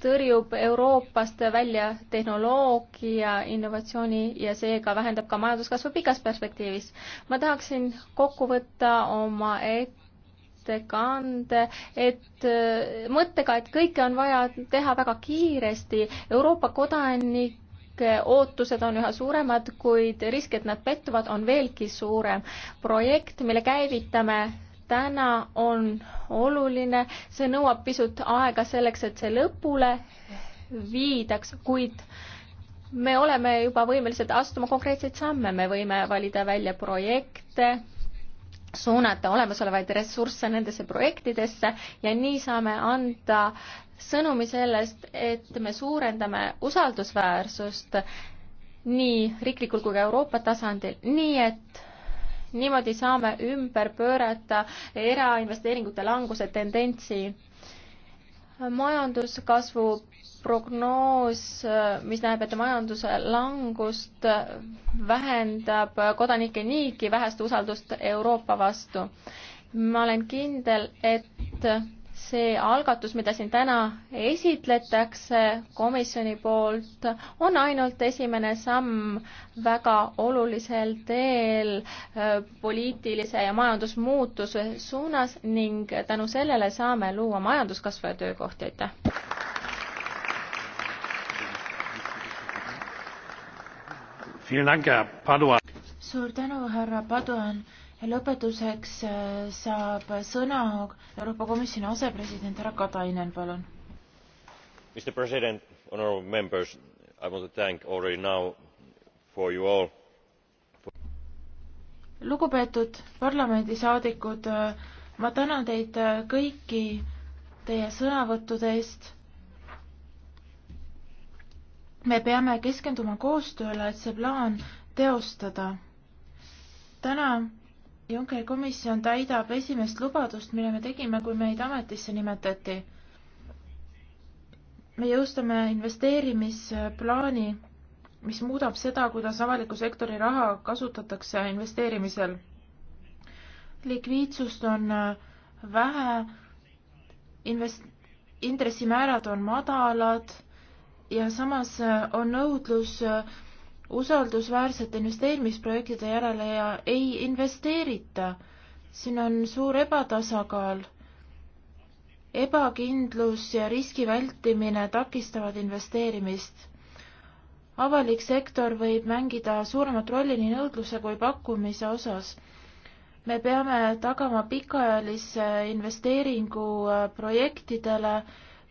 tõrjub Euroopast välja tehnoloogia innovatsiooni ja seega vähendab ka majanduskasvu pikas perspektiivis. ma tahaksin kokku võtta oma ettekande, et äh, mõttega, et kõike on vaja teha väga kiiresti, Euroopa kodanik ootused on üha suuremad, kuid risk, et nad pettuvad, on veelgi suurem. projekt, mille käivitame täna on oluline, see nõuab pisut aega selleks, et see lõpule viidaks, kuid me oleme juba võimelised astuma konkreetseid samme, me võime valida välja projekte, suunata olemasolevaid ressursse nendesse projektidesse ja nii saame anda sõnumi sellest, et me suurendame usaldusväärsust nii riiklikul kui ka Euroopa tasandil, nii et niimoodi saame ümber pöörata erainvesteeringute languse tendentsi. majanduskasvu prognoos, mis näeb ette majanduse langust, vähendab kodanike niigi vähest usaldust Euroopa vastu. ma olen kindel, et see algatus, mida siin täna esitletakse komisjoni poolt, on ainult esimene samm väga olulisel teel äh, poliitilise ja majandusmuutuse suunas ning tänu sellele saame luua majanduskasvu ja töökohti, aitäh! suur tänu, härra Paduan! lõpetuseks äh, saab sõna Euroopa Komisjoni asepresident härra Katainen, palun. Mr President, honorable members, I want to thank already now for you all for.... lugupeetud parlamendisaadikud, äh, ma tänan teid äh, kõiki teie sõnavõttude eest. me peame keskenduma koostööle, et see plaan teostada. täna Junckeri komisjon täidab esimest lubadust, mille me tegime, kui meid ametisse nimetati. me jõustame investeerimisplaani, mis muudab seda, kuidas avaliku sektori raha kasutatakse investeerimisel. likviidsust on äh, vähe, invest-, intressimäärad on madalad ja samas äh, on nõudlus äh, usaldusväärsete investeerimisprojektide järele ja ei investeerita. siin on suur ebatasakaal. ebakindlus ja riski vältimine takistavad investeerimist. avalik sektor võib mängida suuremat rolli nii nõudluse kui pakkumise osas me peame tagama pikaajalise investeeringu projektidele,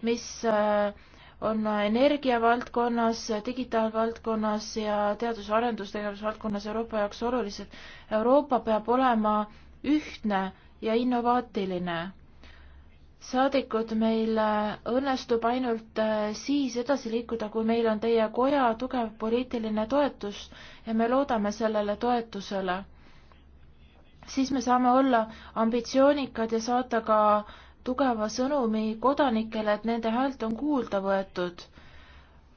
mis äh, on energiavaldkonnas, digitaalvaldkonnas ja teadus- ja arendustegevuse valdkonnas Euroopa jaoks olulised. Euroopa peab olema ühtne ja innovaatiline saadikud, meil õnnestub ainult eh, siis edasi liikuda, kui meil on teie koja tugev poliitiline toetus ja me loodame sellele toetusele. siis me saame olla ambitsioonikad ja saata ka tugeva sõnumi kodanikele, et nende häält on kuulda võetud.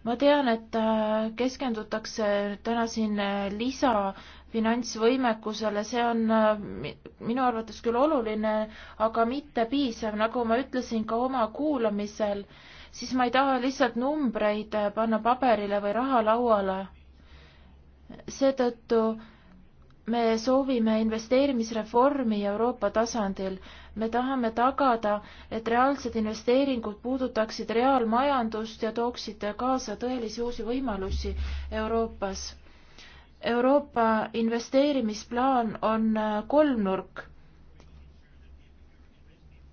ma tean, et äh, keskendutakse täna siin äh, lisa finantsvõimekusele, see on äh, minu arvates küll oluline, aga mitte piisav, nagu ma ütlesin ka oma kuulamisel, siis ma ei taha lihtsalt numbreid panna paberile või raha lauale. seetõttu me soovime investeerimisreformi Euroopa tasandil. me tahame tagada, et reaalsed investeeringud puudutaksid reaalmajandust ja tooksid kaasa tõelisi uusi võimalusi Euroopas. Euroopa investeerimisplaan on kolmnurk.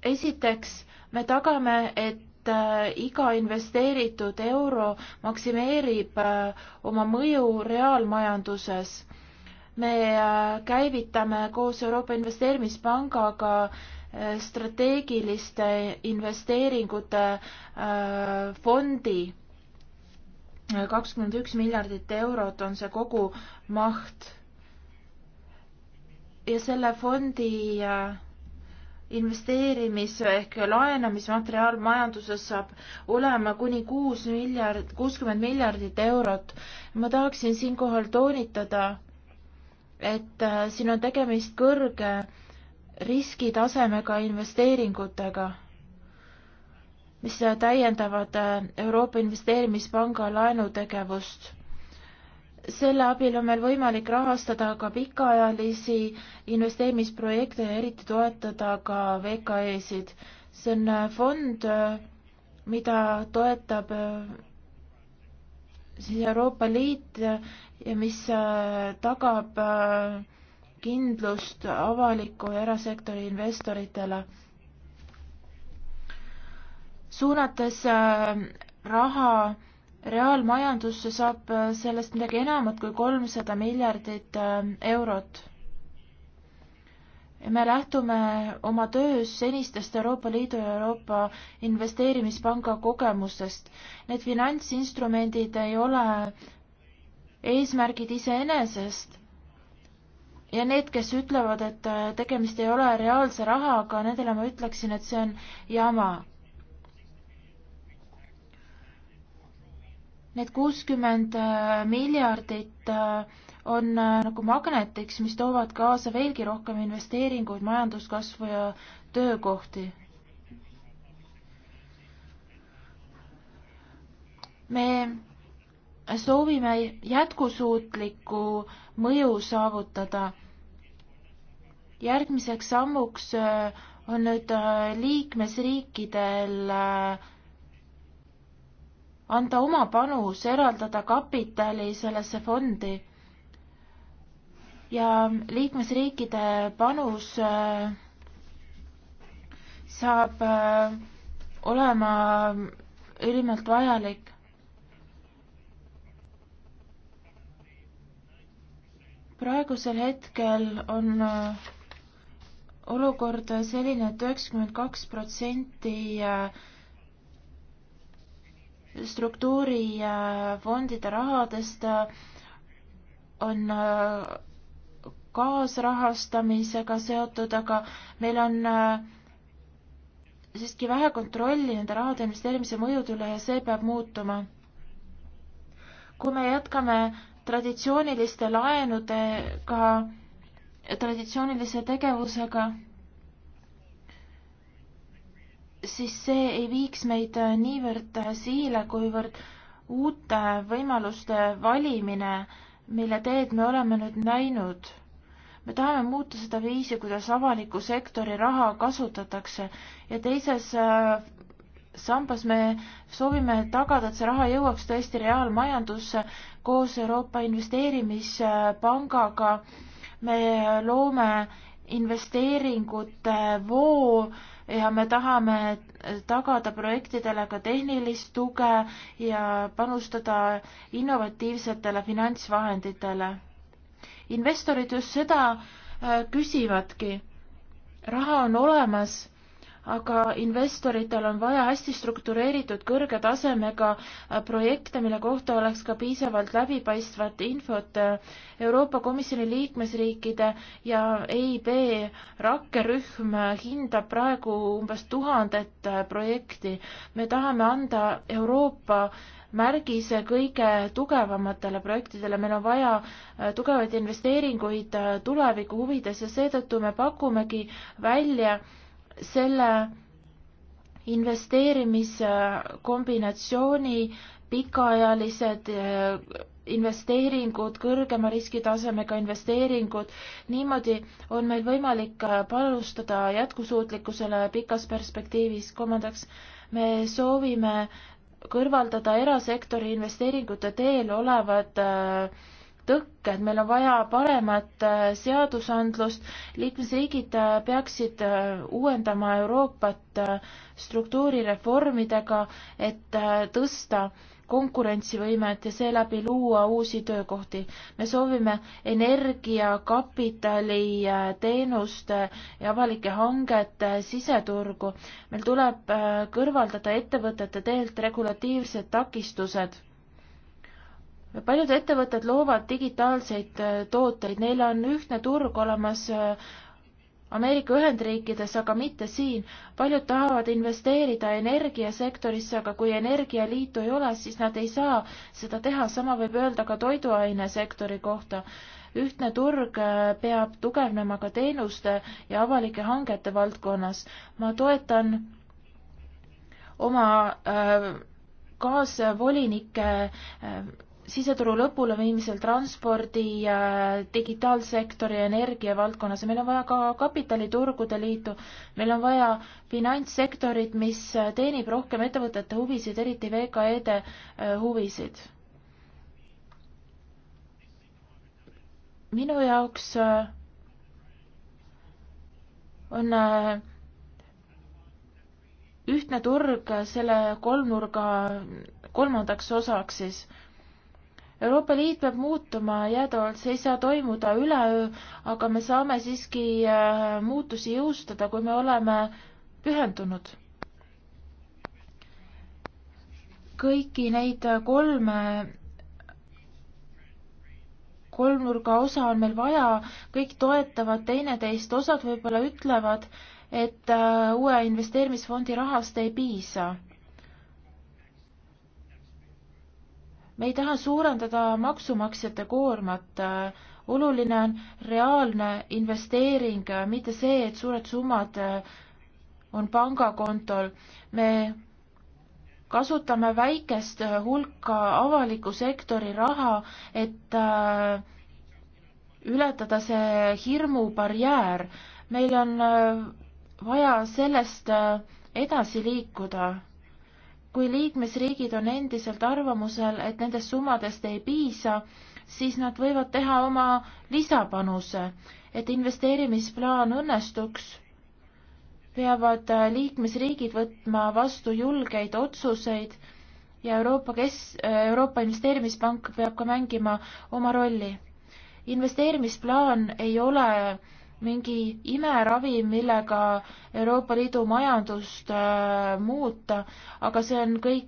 esiteks, me tagame, et äh, iga investeeritud euro maksimeerib äh, oma mõju reaalmajanduses me äh, käivitame koos Euroopa Investeerimispangaga äh, strateegiliste investeeringute äh, fondi. kakskümmend üks miljardit eurot on see kogumaht. ja selle fondi investeerimis ehk laenamismateriaal majanduses saab olema kuni kuus miljard, kuuskümmend miljardit eurot. ma tahaksin siinkohal toonitada, et äh, siin on tegemist kõrge riskitasemega investeeringutega, mis täiendavad äh, Euroopa Investeerimispanga laenutegevust. selle abil on meil võimalik rahastada ka pikaajalisi investeerimisprojekte ja eriti toetada ka VKE-sid. see on äh, fond, mida toetab siis Euroopa Liit, mis äh, tagab äh, kindlust avaliku ja erasektori investoritele. suunates äh, raha reaalmajandusse saab sellest midagi enamat kui kolmsada miljardit eurot me lähtume oma töös senistest Euroopa Liidu ja Euroopa Investeerimispanga kogemustest. Need finantsinstrumendid ei ole eesmärgid iseenesest ja need, kes ütlevad, et tegemist ei ole reaalse rahaga, nendele ma ütleksin, et see on jama. Need kuuskümmend miljardit äh, on äh, nagu magnetiks, mis toovad kaasa veelgi rohkem investeeringuid, majanduskasvu ja töökohti. me soovime jätkusuutlikku mõju saavutada. järgmiseks sammuks äh, on nüüd äh, liikmesriikidel anda oma panus, eraldada kapitali sellesse fondi ja liikmesriikide panus äh, saab äh, olema ülimalt vajalik. praegusel hetkel on äh, olukord selline et, et üheksakümmend kaks protsenti struktuurifondide rahadest on kaasrahastamisega seotud, aga meil on äh, siiski vähe kontrolli nende rahade investeerimise mõjude üle ja see peab muutuma. kui me jätkame traditsiooniliste laenudega, traditsioonilise tegevusega, siis see ei viiks meid äh, niivõrd äh, siile, kuivõrd uute võimaluste valimine, mille teed me oleme nüüd näinud me tahame muuta seda viisi, kuidas avaliku sektori raha kasutatakse ja teises äh, sambas me soovime tagada, et see raha jõuaks tõesti reaalmajandusse koos Euroopa Investeerimispangaga. me loome investeeringute voo ja me tahame tagada projektidele ka tehnilist tuge ja panustada innovatiivsetele finantsvahenditele investorid just seda äh, küsivadki. raha on olemas, aga investoritel on vaja hästi struktureeritud kõrge tasemega äh, projekte, mille kohta oleks ka piisavalt läbipaistvat infot äh, Euroopa Komisjoni liikmesriikide ja EIB rakkerühm hindab praegu umbes tuhandet projekti. me tahame anda Euroopa märgise kõige tugevamatele projektidele, meil on vaja äh, tugevaid investeeringuid äh, tuleviku huvides ja seetõttu me pakumegi välja selle investeerimiskombinatsiooni pikaajalised äh, investeeringud, kõrgema riskitasemega investeeringud, niimoodi on meil võimalik panustada jätkusuutlikkusele pikas perspektiivis. kolmandaks, me soovime kõrvaldada erasektori investeeringute teel olevad äh, tõkked, meil on vaja paremat äh, seadusandlust, liikmesriigid äh, peaksid uuendama Euroopat struktuurireformidega, et tõsta konkurentsivõimet ja seeläbi luua uusi töökohti. me soovime energiakapitali äh, teenuste ja avalike hangete siseturgu. meil tuleb äh, kõrvaldada ettevõtete teelt regulatiivsed takistused. paljud ettevõtted loovad digitaalseid äh, tooteid, neil on ühtne turg olemas Ameerika Ühendriikides, aga mitte siin. paljud tahavad investeerida energiasektorisse, aga kui energialiitu ei ole, siis nad ei saa seda teha, sama võib öelda ka toiduainesektori kohta. ühtne turg äh, peab tugevnema ka teenuste ja avalike hangete valdkonnas. ma toetan oma äh, kaasvolinike äh, siseturu lõpuleviimisel transpordi, äh, digitaalsektori, energia valdkonnas ja meil on vaja ka kapitaliturgude liitu. meil on vaja finantssektorit, mis äh, teenib rohkem ettevõtete huvisid, eriti VKE-de äh, huvisid. minu jaoks on ühtne turg selle kolmnurga kolmandaks osaks siis Euroopa Liit peab muutuma jäädavalt, see ei saa toimuda üleöö, aga me saame siiski äh, muutusi jõustada, kui me oleme pühendunud. kõiki neid kolme kolmnurga osa on meil vaja, kõik toetavad teineteist, osad võib-olla ütlevad, et äh, uue investeerimisfondi rahast ei piisa me ei taha suurendada maksumaksjate koormat, oluline on reaalne investeering, mitte see, et suured summad on pangakontol. me kasutame väikest hulka avaliku sektori raha, et äh, ületada see hirmubarjäär. meil on äh, vaja sellest äh, edasi liikuda kui liikmesriigid on endiselt arvamusel, et nendest summadest ei piisa, siis nad võivad teha oma lisapanuse. et investeerimisplaan õnnestuks, peavad äh, liikmesriigid võtma vastu julgeid otsuseid ja Euroopa kes-, äh, Euroopa Investeerimispank peab ka mängima oma rolli. investeerimisplaan ei ole mingi imeravi, millega Euroopa Liidu majandust äh, muuta, aga see on kõik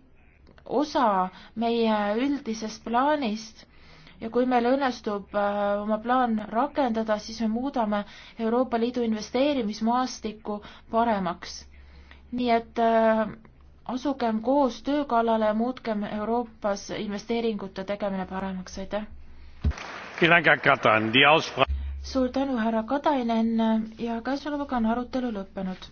osa meie üldisest plaanist ja kui meil õnnestub äh, oma plaan rakendada, siis me muudame Euroopa Liidu investeerimismaastikku paremaks. nii et äh, asugem koos töö kallale ja muutkem Euroopas investeeringute tegemine paremaks, aitäh! suur tänu, härra Katainen ja käesolevaga on arutelu lõppenud